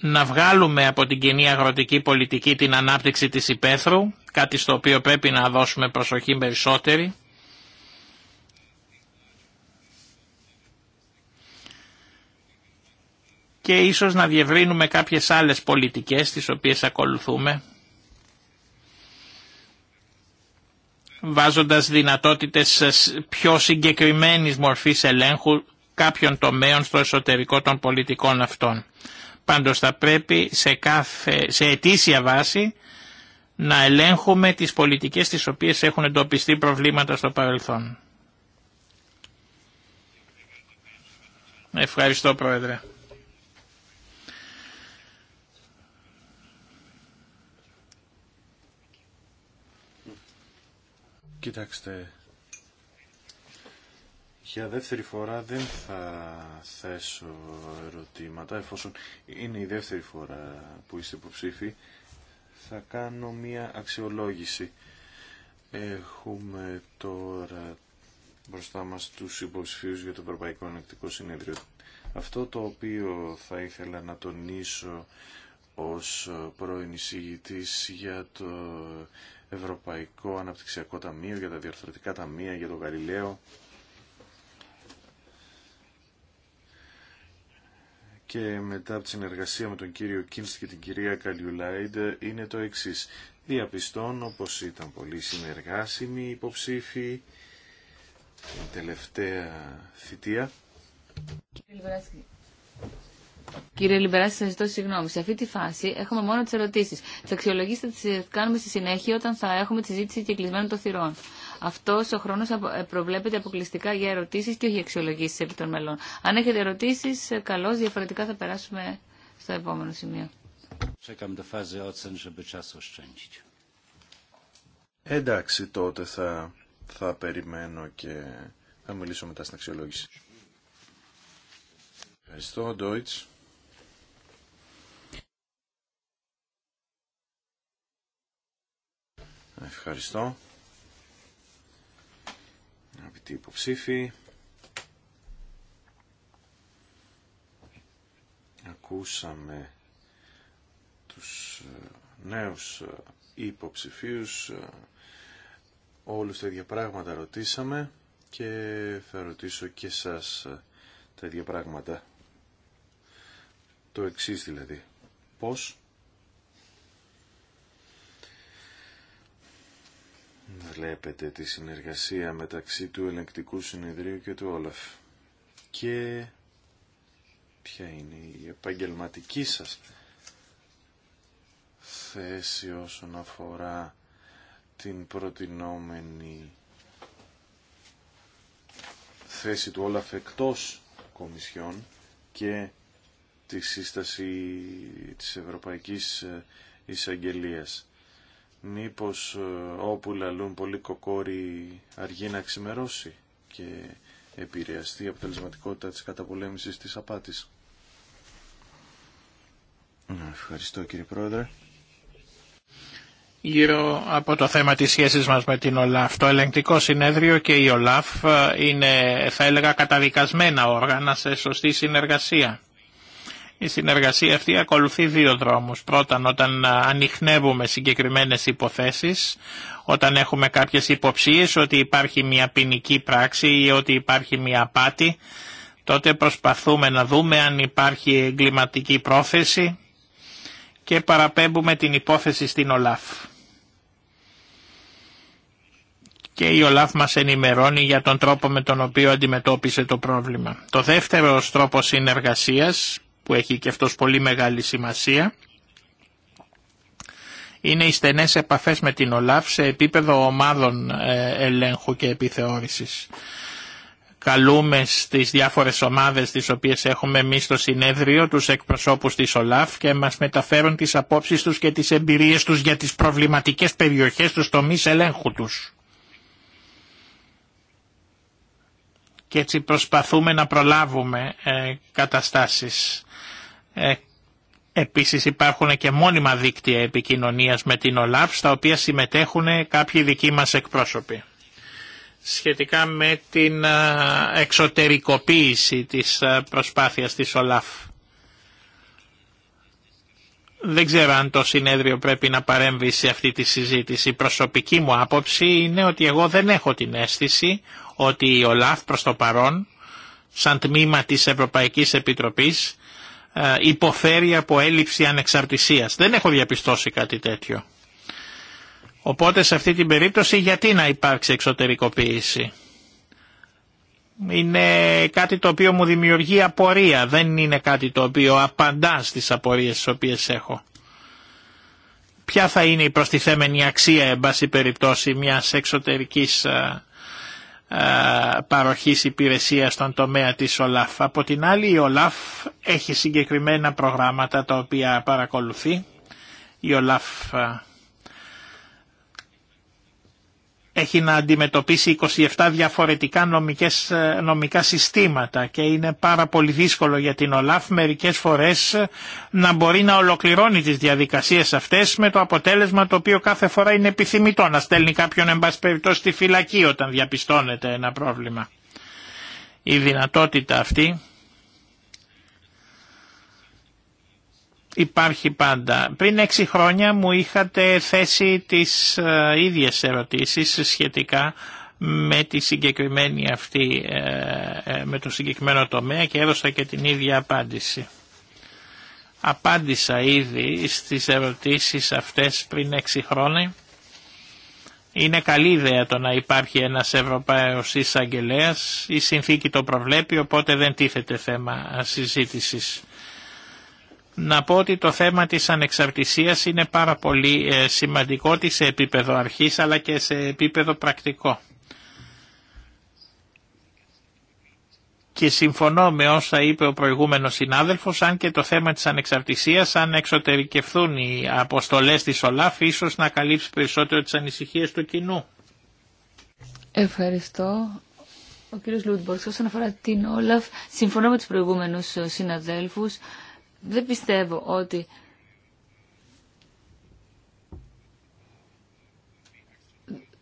να βγάλουμε από την κοινή αγροτική πολιτική την ανάπτυξη της υπαίθρου, κάτι στο οποίο πρέπει να δώσουμε προσοχή περισσότερη, και ίσως να διευρύνουμε κάποιες άλλες πολιτικές τις οποίες ακολουθούμε βάζοντας δυνατότητες πιο συγκεκριμένης μορφής ελέγχου κάποιων τομέων στο εσωτερικό των πολιτικών αυτών. Πάντως θα πρέπει σε, κάθε, σε αιτήσια βάση να ελέγχουμε τις πολιτικές τις οποίες έχουν εντοπιστεί προβλήματα στο παρελθόν. Ευχαριστώ Πρόεδρε. Κοιτάξτε, για δεύτερη φορά δεν θα θέσω ερωτήματα, εφόσον είναι η δεύτερη φορά που είστε υποψήφοι, θα κάνω μία αξιολόγηση. Έχουμε τώρα μπροστά μας τους υποψηφίους για το Ευρωπαϊκό Ενεκτικό Συνέδριο. Αυτό το οποίο θα ήθελα να τονίσω ως πρώην για το Ευρωπαϊκό Αναπτυξιακό Ταμείο, για τα διορθωτικά ταμεία, για τον Γαλιλαίο. και μετά από τη συνεργασία με τον κύριο Κίνστ και την κυρία Καλιουλάιντ είναι το εξή. Διαπιστώνω πως ήταν πολύ συνεργάσιμοι υποψήφοι την τελευταία θητεία. Κύριε Κύριε Λιμπεράση, σα ζητώ συγγνώμη. Σε αυτή τη φάση έχουμε μόνο τι ερωτήσει. Τι αξιολογήσει θα τι κάνουμε στη συνέχεια όταν θα έχουμε τη συζήτηση και των θυρών. Αυτό ο χρόνο ε, προβλέπεται αποκλειστικά για ερωτήσει και όχι για αξιολογήσει επί των μελών. Αν έχετε ερωτήσει, ε, καλώ, διαφορετικά θα περάσουμε στο επόμενο σημείο. Εντάξει, τότε θα, θα περιμένω και θα μιλήσω μετά στην αξιολόγηση. Ευχαριστώ, Deutsch. Ευχαριστώ. Αγαπητοί υποψήφοι. Ακούσαμε τους ε, νέους ε, υποψηφίους. Ε, όλους τα ίδια πράγματα ρωτήσαμε και θα ρωτήσω και σας τα ίδια πράγματα. Το εξής δηλαδή. Πώς βλέπετε τη συνεργασία μεταξύ του ελεγκτικού συνεδρίου και του Όλαφ. Και ποια είναι η επαγγελματική σας θέση όσον αφορά την προτινόμενη θέση του Όλαφ εκτός Κομισιών και τη σύσταση της Ευρωπαϊκής Εισαγγελίας μήπως ε, όπου λαλούν πολύ κοκόρι αργεί να ξημερώσει και επηρεαστεί η αποτελεσματικότητα της καταπολέμησης της απάτης. Ναι, ευχαριστώ κύριε Πρόεδρε. Γύρω από το θέμα της σχέσης μας με την ΟΛΑΦ, το ελεγκτικό συνέδριο και η ΟΛΑΦ ε, είναι θα έλεγα καταδικασμένα όργανα σε σωστή συνεργασία. Η συνεργασία αυτή ακολουθεί δύο δρόμους. Πρώτα, όταν ανοιχνεύουμε συγκεκριμένες υποθέσεις, όταν έχουμε κάποιες υποψίες ότι υπάρχει μια ποινική πράξη ή ότι υπάρχει μια απάτη, τότε προσπαθούμε να δούμε αν υπάρχει εγκληματική πρόθεση και παραπέμπουμε την υπόθεση στην ΟΛΑΦ. Και η ΟΛΑΦ μας ενημερώνει για τον τρόπο με τον οποίο αντιμετώπισε το πρόβλημα. Το δεύτερο τρόπο συνεργασίας που έχει και αυτός πολύ μεγάλη σημασία, είναι οι στενές επαφές με την ΟΛΑΦ σε επίπεδο ομάδων ε, ελέγχου και επιθεώρησης. Καλούμε στις διάφορες ομάδες τις οποίες έχουμε εμεί στο συνέδριο τους εκπροσώπους της ΟΛΑΦ και μας μεταφέρουν τις απόψεις τους και τις εμπειρίες τους για τις προβληματικές περιοχές τους τομείς ελέγχου τους. Και έτσι προσπαθούμε να προλάβουμε ε, καταστάσεις. Ε, επίσης υπάρχουν και μόνιμα δίκτυα επικοινωνίας με την Ολάφ, στα οποία συμμετέχουν κάποιοι δικοί μας εκπρόσωποι. Σχετικά με την ε, εξωτερικοποίηση της ε, προσπάθειας της ΟΛΑΦ. Δεν ξέρω αν το συνέδριο πρέπει να παρέμβει σε αυτή τη συζήτηση. Η προσωπική μου άποψη είναι ότι εγώ δεν έχω την αίσθηση ότι η ΟΛΑΦ προς το παρόν, σαν τμήμα της Ευρωπαϊκής Επιτροπής, ε, υποφέρει από έλλειψη ανεξαρτησίας. Δεν έχω διαπιστώσει κάτι τέτοιο. Οπότε σε αυτή την περίπτωση γιατί να υπάρξει εξωτερικοποίηση. Είναι κάτι το οποίο μου δημιουργεί απορία, δεν είναι κάτι το οποίο απαντά στις απορίες τις οποίες έχω. Ποια θα είναι η προστιθέμενη αξία, εν πάση περιπτώσει, μιας εξωτερικής ε, ε, παροχής υπηρεσία στον τομέα της ΟΛΑΦ. Από την άλλη η ΟΛΑΦ έχει συγκεκριμένα προγράμματα τα οποία παρακολουθεί. Η ΟΛΑΦ ε, έχει να αντιμετωπίσει 27 διαφορετικά ε, νομικά συστήματα και είναι πάρα πολύ δύσκολο για την ΟΛΑΦ μερικές φορές ε, να μπορεί να ολοκληρώνει τις διαδικασίες αυτές με το αποτέλεσμα το οποίο κάθε φορά είναι επιθυμητό να στέλνει κάποιον εν πάση περιπτώσει στη φυλακή όταν διαπιστώνεται ένα πρόβλημα. Η δυνατότητα αυτή υπάρχει πάντα. Πριν έξι χρόνια μου είχατε θέσει τις ε, ίδιες ερωτήσεις σχετικά με τη συγκεκριμένη αυτή, ε, ε, με το συγκεκριμένο τομέα και έδωσα και την ίδια απάντηση. Απάντησα ήδη στις ερωτήσεις αυτές πριν έξι χρόνια. Είναι καλή ιδέα το να υπάρχει ένας Ευρωπαίος εισαγγελέα. η συνθήκη το προβλέπει οπότε δεν τίθεται θέμα συζήτησης να πω ότι το θέμα της ανεξαρτησίας είναι πάρα πολύ ε, σημαντικό και σε επίπεδο αρχής αλλά και σε επίπεδο πρακτικό. Και συμφωνώ με όσα είπε ο προηγούμενος συνάδελφος, αν και το θέμα της ανεξαρτησίας, αν εξωτερικευθούν οι αποστολές της ΟΛΑΦ, ίσως να καλύψει περισσότερο τις ανησυχίες του κοινού. Ευχαριστώ. Ο κύριος Λούντμπορς, όσον αφορά την ΟΛΑΦ, συμφωνώ με τους προηγούμενους συναδέλφους δεν πιστεύω ότι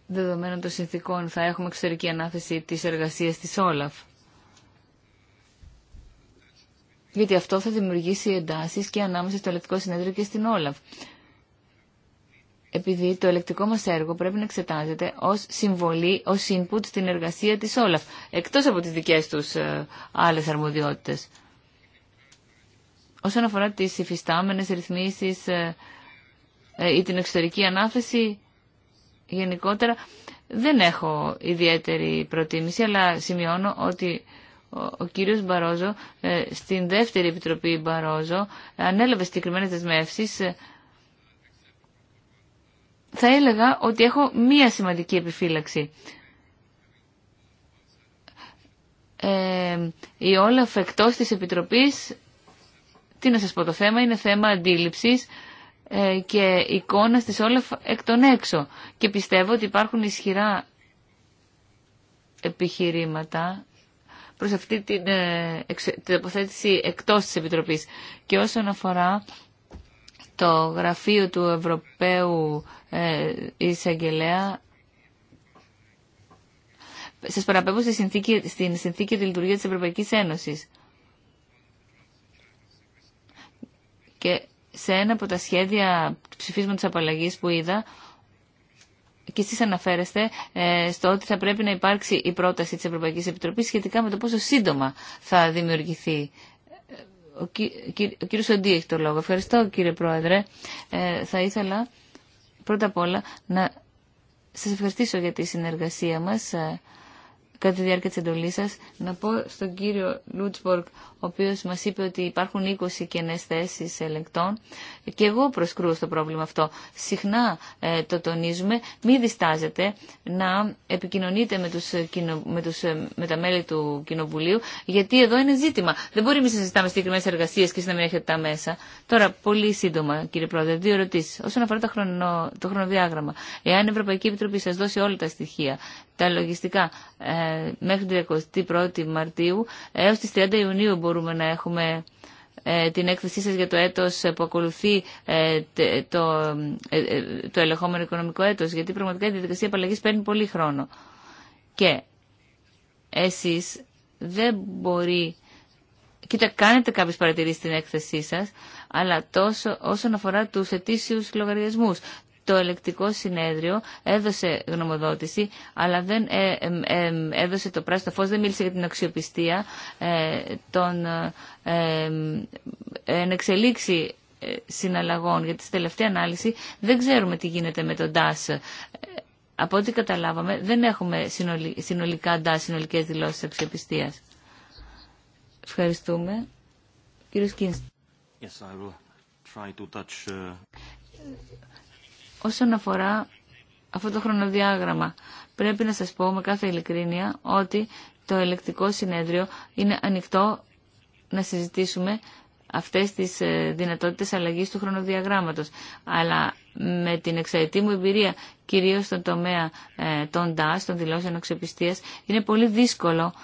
δεδομένων των συνθήκων θα έχουμε εξωτερική ανάθεση της εργασίας της Όλαφ. Γιατί αυτό θα δημιουργήσει εντάσεις και ανάμεσα στο ελεκτικό συνέδριο και στην Όλαφ. Επειδή το ελεκτικό μας έργο πρέπει να εξετάζεται ως συμβολή, ως input στην εργασία της Όλαφ, εκτός από τις δικές τους ε, άλλες αρμοδιότητες. Όσον αφορά τις υφιστάμενες ρυθμίσεις ε, ε, ή την εξωτερική ανάθεση γενικότερα, δεν έχω ιδιαίτερη προτίμηση, αλλά σημειώνω ότι ο κύριος Μπαρόζο ε, στην δεύτερη επιτροπή Μπαρόζο ανέλαβε συγκεκριμένε δεσμεύσει. Θα έλεγα ότι έχω μία σημαντική επιφύλαξη. η Όλαφ εκτός της Επιτροπής τι να σας πω, το θέμα είναι θέμα αντίληψης ε, και εικόνας της όλα εκ των έξω. Και πιστεύω ότι υπάρχουν ισχυρά επιχειρήματα προς αυτή την, ε, την αποθέτηση εκτός της Επιτροπής. Και όσον αφορά το γραφείο του Ευρωπαίου ε, Εισαγγελέα, σας παραπέμπω στη συνθήκη, στην συνθήκη τη λειτουργία της Ευρωπαϊκής Ένωσης. και σε ένα από τα σχέδια ψηφίσματος απαλλαγή που είδα, και εσείς αναφέρεστε ε, στο ότι θα πρέπει να υπάρξει η πρόταση της Ευρωπαϊκή Επιτροπής σχετικά με το πόσο σύντομα θα δημιουργηθεί. Ο, κύριο ο κύριος έχει το λόγο. Ευχαριστώ κύριε Πρόεδρε. Ε, θα ήθελα πρώτα απ' όλα να σας ευχαριστήσω για τη συνεργασία μας ε, κατά τη διάρκεια τη εντολή σα. Να πω στον κύριο Λούτσπορκ... ο οποίο μα είπε ότι υπάρχουν 20 κενέ θέσει ελεγκτών. Και εγώ προσκρούω στο πρόβλημα αυτό. Συχνά ε, το τονίζουμε. Μην διστάζετε να επικοινωνείτε με, τους, ε, με, τους, ε, με τα μέλη του Κοινοβουλίου, γιατί εδώ είναι ζήτημα. Δεν μπορεί να συζητάμε συγκεκριμένε εργασίε και να μην έχετε τα μέσα. Τώρα, πολύ σύντομα, κύριε Πρόεδρε, δύο ερωτήσει. Όσον αφορά το, χρονο, το χρονοδιάγραμμα, εάν η Ευρωπαϊκή Επιτροπή σα δώσει όλα τα στοιχεία, τα λογιστικά. Ε, μέχρι την 21η Μαρτίου έως τις 30 Ιουνίου μπορούμε να έχουμε ε, την έκθεσή σας για το έτος που ακολουθεί ε, το, το ελεγχόμενο οικονομικό έτος, γιατί πραγματικά η διαδικασία απαλλαγής παίρνει πολύ χρόνο. Και εσείς δεν μπορεί... Κοίτα, κάνετε κάποιες παρατηρήσεις στην έκθεσή σας, αλλά τόσο όσον αφορά τους ετήσιους λογαριασμούς, το ελεκτικό συνέδριο έδωσε γνωμοδότηση, αλλά δεν ε, έδωσε το πράσινο φως, δεν μίλησε για την αξιοπιστία ε, των ενεξελίξη ε, συναλλαγών. για τη τελευταία ανάλυση δεν ξέρουμε τι γίνεται με τον ΤΑΣ. Από ό,τι καταλάβαμε, δεν έχουμε συνολικά ΤΑΣ, συνολικές δηλώσεις αξιοπιστίας. Ευχαριστούμε. Κύριος Κίνστ. Yes, uh, Όσον αφορά αυτό το χρονοδιάγραμμα, πρέπει να σας πω με κάθε ειλικρίνεια ότι το ελεκτικό συνέδριο είναι ανοιχτό να συζητήσουμε αυτές τις ε, δυνατότητες αλλαγής του χρονοδιαγράμματος. Αλλά με την εξαετή μου εμπειρία, κυρίως στον τομέα ε, των τάς, των δηλώσεων αξιοπιστίας, είναι πολύ δύσκολο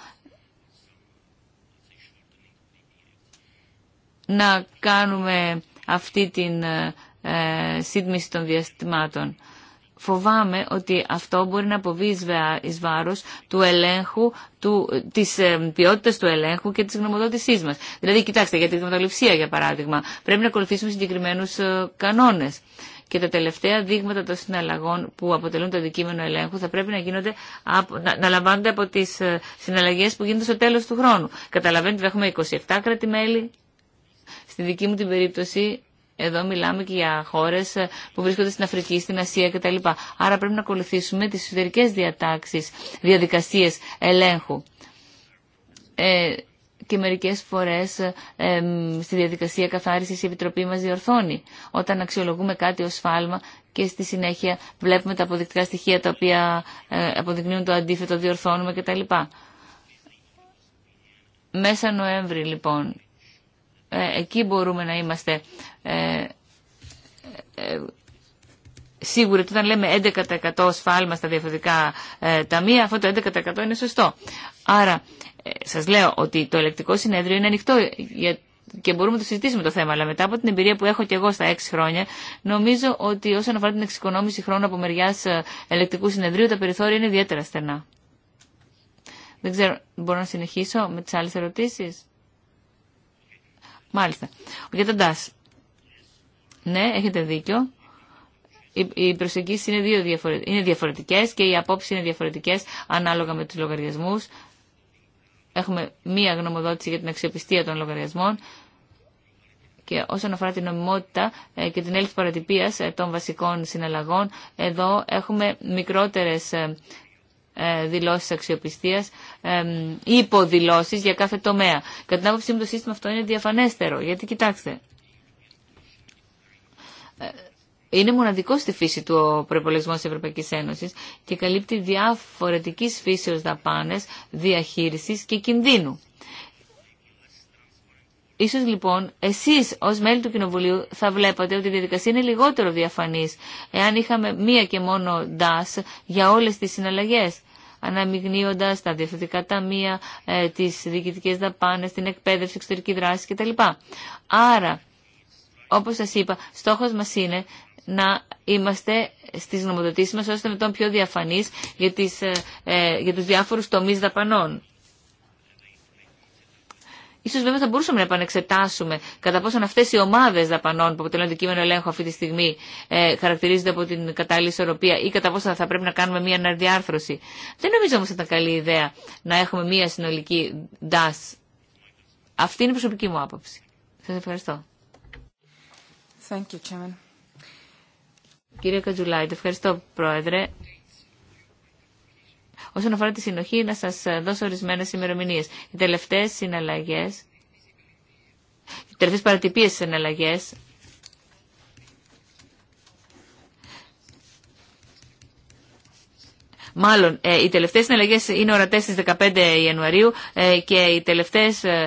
να κάνουμε αυτή την ε, ε, σύντμηση των διαστημάτων. Φοβάμαι ότι αυτό μπορεί να αποβεί εις βάρος του ελέγχου, του, της ε, του ελέγχου και της γνωμοδότησής μας. Δηλαδή, κοιτάξτε, για τη γνωμοδοληψία, για παράδειγμα, πρέπει να ακολουθήσουμε συγκεκριμένους ε, κανόνες και τα τελευταία δείγματα των συναλλαγών που αποτελούν το αντικείμενο ελέγχου θα πρέπει να, γίνονται, να, να λαμβάνονται από τι ε, συναλλαγέ που γίνονται στο τέλος του χρόνου. Καταλαβαίνετε ότι έχουμε 27 κράτη-μέλη. Στη δική μου την περίπτωση εδώ μιλάμε και για χώρε ε, που βρίσκονται στην Αφρική, στην Ασία κτλ. Άρα πρέπει να ακολουθήσουμε τι εσωτερικέ διατάξει, διαδικασίε ελέγχου. Ε, και μερικέ φορές ε, στη διαδικασία καθάρισης η Επιτροπή μα διορθώνει. Όταν αξιολογούμε κάτι ως φάλμα και στη συνέχεια βλέπουμε τα αποδεικτικά στοιχεία τα οποία ε, αποδεικνύουν το αντίθετο, διορθώνουμε κτλ. Μέσα Νοέμβρη λοιπόν ε, εκεί μπορούμε να είμαστε ε, ε, σίγουροι ότι όταν λέμε 11% σφάλμα στα διαφορετικά ταμεία, αυτό το 11% είναι σωστό. Άρα, σας λέω ότι το ελεκτικό συνέδριο είναι ανοιχτό και μπορούμε να το συζητήσουμε το θέμα, αλλά μετά από την εμπειρία που έχω και εγώ στα έξι χρόνια, νομίζω ότι όσον αφορά την εξοικονόμηση χρόνου από μεριά ελεκτικού συνεδρίου, τα περιθώρια είναι ιδιαίτερα στενά. Δεν ξέρω, μπορώ να συνεχίσω με τις άλλες ερωτήσεις. Μάλιστα. Ο κ. Ναι, έχετε δίκιο. Οι προσεγγίσει είναι, δύο διαφορετικές, είναι και οι απόψεις είναι διαφορετικές ανάλογα με τους λογαριασμούς. Έχουμε μία γνωμοδότηση για την αξιοπιστία των λογαριασμών και όσον αφορά την νομιμότητα ε, και την έλλειψη παρατυπίας ε, των βασικών συναλλαγών, εδώ έχουμε μικρότερες ε, ε, δηλώσεις αξιοπιστίας, ε, υποδηλώσεις για κάθε τομέα. Κατά την άποψή μου το σύστημα αυτό είναι διαφανέστερο, γιατί κοιτάξτε, ε, είναι μοναδικό στη φύση του ο προπολογισμό τη Ευρωπαϊκή Ένωση και καλύπτει διαφορετική φύσεω δαπάνε, διαχείριση και κινδύνου. Ίσως λοιπόν εσείς ως μέλη του Κοινοβουλίου θα βλέπατε ότι η διαδικασία είναι λιγότερο διαφανής εάν είχαμε μία και μόνο DAS για όλες τις συναλλαγές αναμειγνύοντας τα διευθυντικά ταμεία, ε, τις διοικητικές δαπάνες, την εκπαίδευση, εξωτερική δράση κτλ. Άρα, όπως σας είπα, στόχος μας είναι να είμαστε στις νομοθετήσεις μας ώστε με τον πιο διαφανείς για, τις, ε, ε, για τους διάφορους τομείς δαπανών. Ίσως βέβαια θα μπορούσαμε να επανεξετάσουμε κατά πόσον αυτές οι ομάδες δαπανών που αποτελούν αντικείμενο ελέγχου αυτή τη στιγμή ε, χαρακτηρίζονται από την κατάλληλη ισορροπία ή κατά πόσον θα πρέπει να κάνουμε μια αναδιάρθρωση. Δεν νομίζω όμως ότι ήταν καλή ιδέα να έχουμε μια συνολική DAS. Αυτή είναι η προσωπική μου άποψη. Σας ευχαριστώ. Thank you, Κύριε Κατζουλάιτ, ευχαριστώ Πρόεδρε. Όσον αφορά τη συνοχή, να σα δώσω ορισμένε ημερομηνίε. Οι τελευταίε συναλλαγέ, οι τελευταίε παρατυπίες συναλλαγέ, Μάλλον, ε, οι τελευταίες συναλλαγές είναι ορατές στις 15 Ιανουαρίου ε, και οι τελευταίες ε,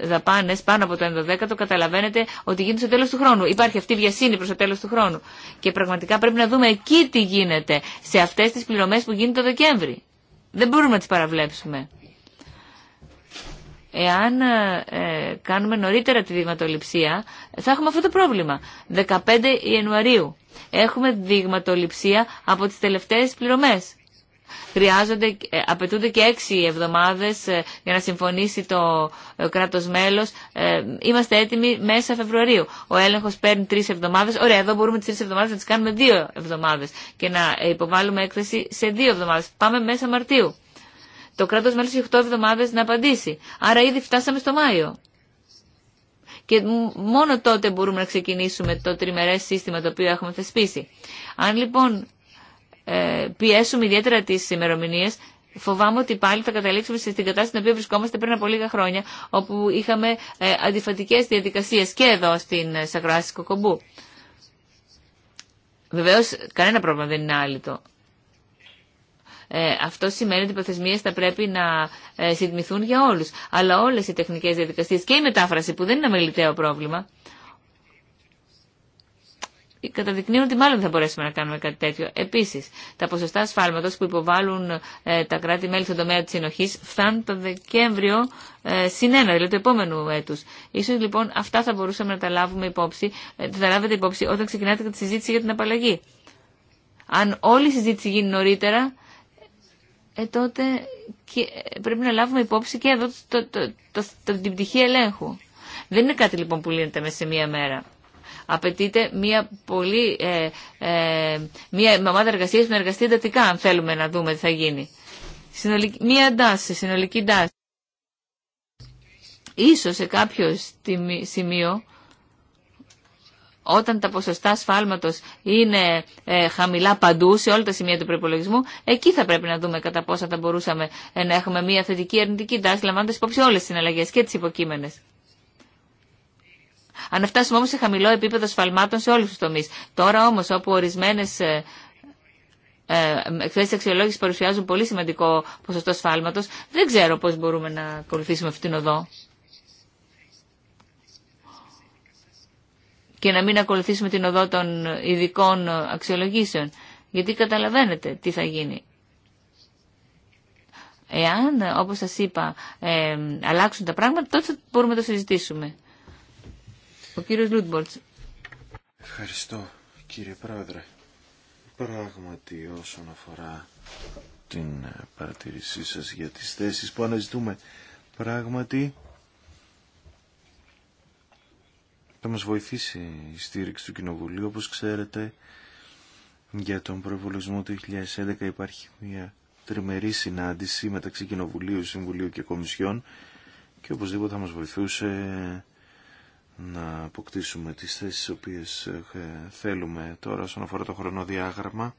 δαπάνες πάνω από το 11ο καταλαβαίνετε ότι γίνεται στο τέλος του χρόνου. Υπάρχει αυτή η βιασύνη προς το τέλος του χρόνου. Και πραγματικά πρέπει να δούμε εκεί τι γίνεται σε αυτές τις πληρωμές που γίνεται το Δεκέμβρη. Δεν μπορούμε να τις παραβλέψουμε. Εάν ε, κάνουμε νωρίτερα τη δειγματοληψία, θα έχουμε αυτό το πρόβλημα. 15 Ιανουαρίου έχουμε δειγματοληψία από τις τελευταίες πληρωμές χρειάζονται, ε, απαιτούνται και έξι εβδομάδες ε, για να συμφωνήσει το ε, κράτος μέλος. Είμαστε έτοιμοι μέσα Φεβρουαρίου. Ο έλεγχος παίρνει τρει εβδομάδες. Ωραία, εδώ μπορούμε τις τρει εβδομάδες να τις κάνουμε δύο εβδομάδες και να υποβάλουμε έκθεση σε δύο εβδομάδες. Πάμε μέσα Μαρτίου. Το κράτος μέλος έχει 8 εβδομάδες να απαντήσει. Άρα ήδη φτάσαμε στο Μάιο. Και μόνο τότε μπορούμε να ξεκινήσουμε το τριμερές σύστημα το οποίο έχουμε θεσπίσει. Αν λοιπόν ε, πιέσουμε ιδιαίτερα τι ημερομηνίε, φοβάμαι ότι πάλι θα καταλήξουμε στην κατάσταση στην οποία βρισκόμαστε πριν από λίγα χρόνια, όπου είχαμε ε, αντιφατικέ διαδικασίε και εδώ στην ε, Σακροάση Κοκομπού. Βεβαίω, κανένα πρόβλημα δεν είναι άλυτο. αυτό σημαίνει ότι οι προθεσμίε θα πρέπει να ε, συντμηθούν για όλου. Αλλά όλε οι τεχνικέ διαδικασίε και η μετάφραση που δεν είναι αμεληταίο πρόβλημα καταδεικνύουν ότι μάλλον δεν θα μπορέσουμε να κάνουμε κάτι τέτοιο. Επίση, τα ποσοστά ασφάλματο που υποβάλλουν ε, τα κράτη-μέλη στον τομέα τη συνοχή φτάνουν το Δεκέμβριο ε, συνένα, δηλαδή του επόμενου έτου. σω λοιπόν αυτά θα μπορούσαμε να τα λάβουμε υπόψη, ε, θα λάβετε υπόψη όταν ξεκινάτε τη συζήτηση για την απαλλαγή. Αν όλη η συζήτηση γίνει νωρίτερα, ε, τότε και, ε, πρέπει να λάβουμε υπόψη και εδώ το, το, το, την πτυχή ελέγχου. Δεν είναι κάτι λοιπόν που λύνεται μέσα σε μία μέρα. Απαιτείται μια, πολύ, ε, ε, ομάδα εργασία που να εργαστεί εντατικά, αν θέλουμε να δούμε τι θα γίνει. Συνολική, μια τάση, συνολική τάση. Ίσως σε κάποιο σημείο, όταν τα ποσοστά σφάλματος είναι ε, χαμηλά παντού σε όλα τα σημεία του προπολογισμού, εκεί θα πρέπει να δούμε κατά πόσα θα μπορούσαμε ε, να έχουμε μια θετική αρνητική τάση, λαμβάνοντα υπόψη όλε τι συναλλαγέ και τι υποκείμενε. Αν φτάσουμε όμω σε χαμηλό επίπεδο σφαλμάτων σε όλου του τομεί. Τώρα όμω, όπου ορισμένε ε, εκθέσει αξιολόγηση παρουσιάζουν πολύ σημαντικό ποσοστό σφάλματο, δεν ξέρω πώ μπορούμε να ακολουθήσουμε αυτήν την οδό. Και να μην ακολουθήσουμε την οδό των ειδικών αξιολογήσεων. Γιατί καταλαβαίνετε τι θα γίνει. Εάν, όπως σας είπα, ε, αλλάξουν τα πράγματα, τότε μπορούμε να το συζητήσουμε. Ο κύριος Ευχαριστώ κύριε Πρόεδρε. Πράγματι όσον αφορά την ε, παρατηρήσή σας για τις θέσεις που αναζητούμε πράγματι θα μας βοηθήσει η στήριξη του Κοινοβουλίου όπως ξέρετε για τον προβολισμό του 2011 υπάρχει μια τριμερή συνάντηση μεταξύ Κοινοβουλίου, Συμβουλίου και Κομισιών και οπωσδήποτε θα μας βοηθούσε να αποκτήσουμε τις θέσεις τις οποίες ε, θέλουμε τώρα όσον αφορά το χρονοδιάγραμμα.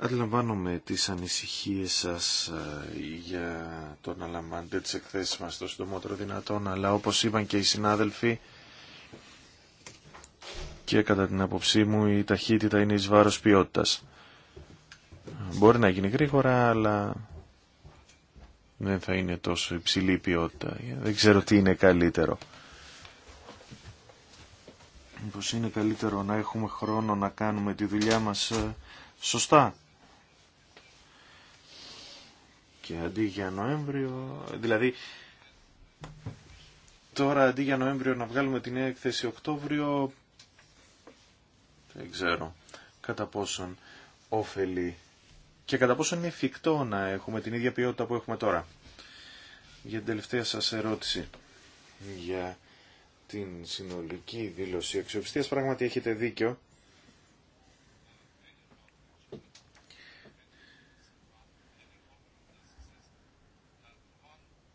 Αντιλαμβάνομαι τις ανησυχίες σας ε, για το να λαμβάνετε τις εκθέσεις μας το συντομότερο δυνατόν, αλλά όπως είπαν και οι συνάδελφοι και κατά την άποψή μου η ταχύτητα είναι εις βάρος ποιότητας. Μπορεί να γίνει γρήγορα, αλλά δεν ναι, θα είναι τόσο υψηλή ποιότητα. Δεν ξέρω τι είναι καλύτερο. Μήπως είναι καλύτερο να έχουμε χρόνο να κάνουμε τη δουλειά μας ε, σωστά. Και αντί για Νοέμβριο, δηλαδή τώρα αντί για Νοέμβριο να βγάλουμε την έκθεση Οκτώβριο, δεν ξέρω κατά πόσον όφελη και κατά πόσο είναι εφικτό να έχουμε την ίδια ποιότητα που έχουμε τώρα. Για την τελευταία σας ερώτηση για την συνολική δήλωση αξιοπιστίας πράγματι έχετε δίκιο.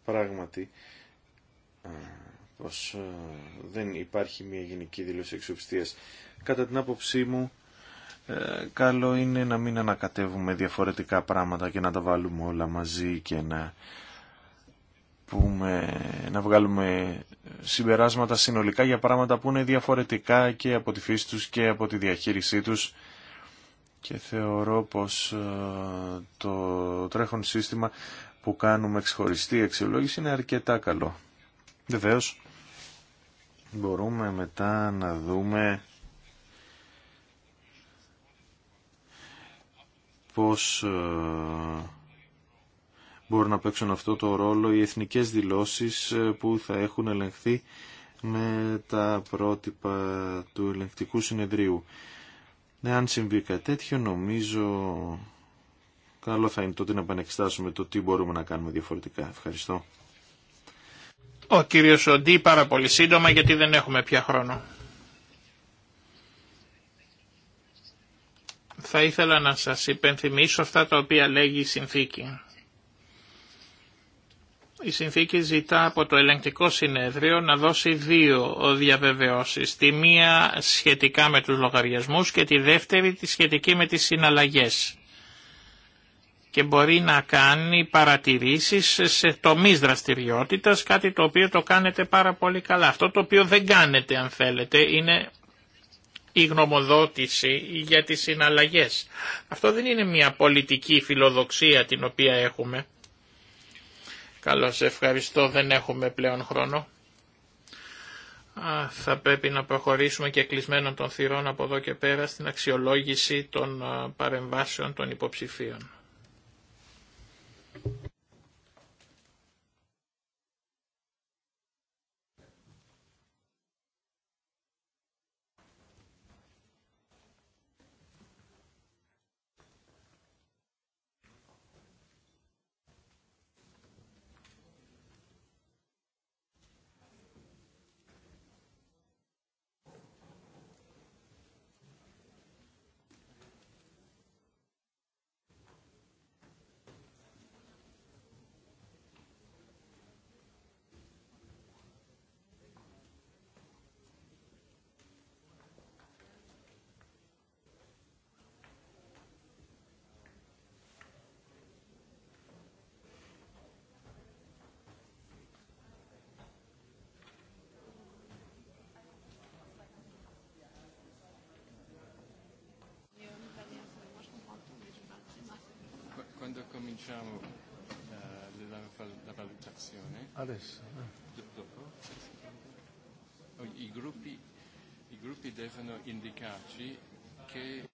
Πράγματι, πως ε, δεν υπάρχει μια γενική δήλωση αξιοπιστίας. Κατά την άποψή μου, ε, καλό είναι να μην ανακατεύουμε διαφορετικά πράγματα και να τα βάλουμε όλα μαζί και να, πούμε, να βγάλουμε συμπεράσματα συνολικά για πράγματα που είναι διαφορετικά και από τη φύση τους και από τη διαχείρισή τους και θεωρώ πως ε, το τρέχον σύστημα που κάνουμε εξχωριστή αξιολόγηση είναι αρκετά καλό. Βεβαίω, μπορούμε μετά να δούμε πώς ε, μπορούν να παίξουν αυτό το ρόλο οι εθνικές δηλώσεις ε, που θα έχουν ελεγχθεί με τα πρότυπα του ελεγκτικού συνεδρίου. Εάν ναι, συμβεί κάτι τέτοιο νομίζω καλό θα είναι τότε να επανεξετάσουμε το τι μπορούμε να κάνουμε διαφορετικά. Ευχαριστώ. Ο κύριος Σοντή πάρα πολύ σύντομα γιατί δεν έχουμε πια χρόνο. θα ήθελα να σας υπενθυμίσω αυτά τα οποία λέγει η συνθήκη. Η συνθήκη ζητά από το ελεγκτικό συνέδριο να δώσει δύο διαβεβαιώσεις. Τη μία σχετικά με τους λογαριασμούς και τη δεύτερη τη σχετική με τις συναλλαγές. Και μπορεί να κάνει παρατηρήσεις σε τομείς δραστηριότητας, κάτι το οποίο το κάνετε πάρα πολύ καλά. Αυτό το οποίο δεν κάνετε αν θέλετε είναι η γνωμοδότηση για τις συναλλαγές. Αυτό δεν είναι μια πολιτική φιλοδοξία την οποία έχουμε. Καλώς, ευχαριστώ, δεν έχουμε πλέον χρόνο. θα πρέπει να προχωρήσουμε και κλεισμένων των θυρών από εδώ και πέρα στην αξιολόγηση των παρεμβάσεων των υποψηφίων. facciamo la, la valutazione. Adesso. Dopo. I gruppi, I gruppi devono indicarci che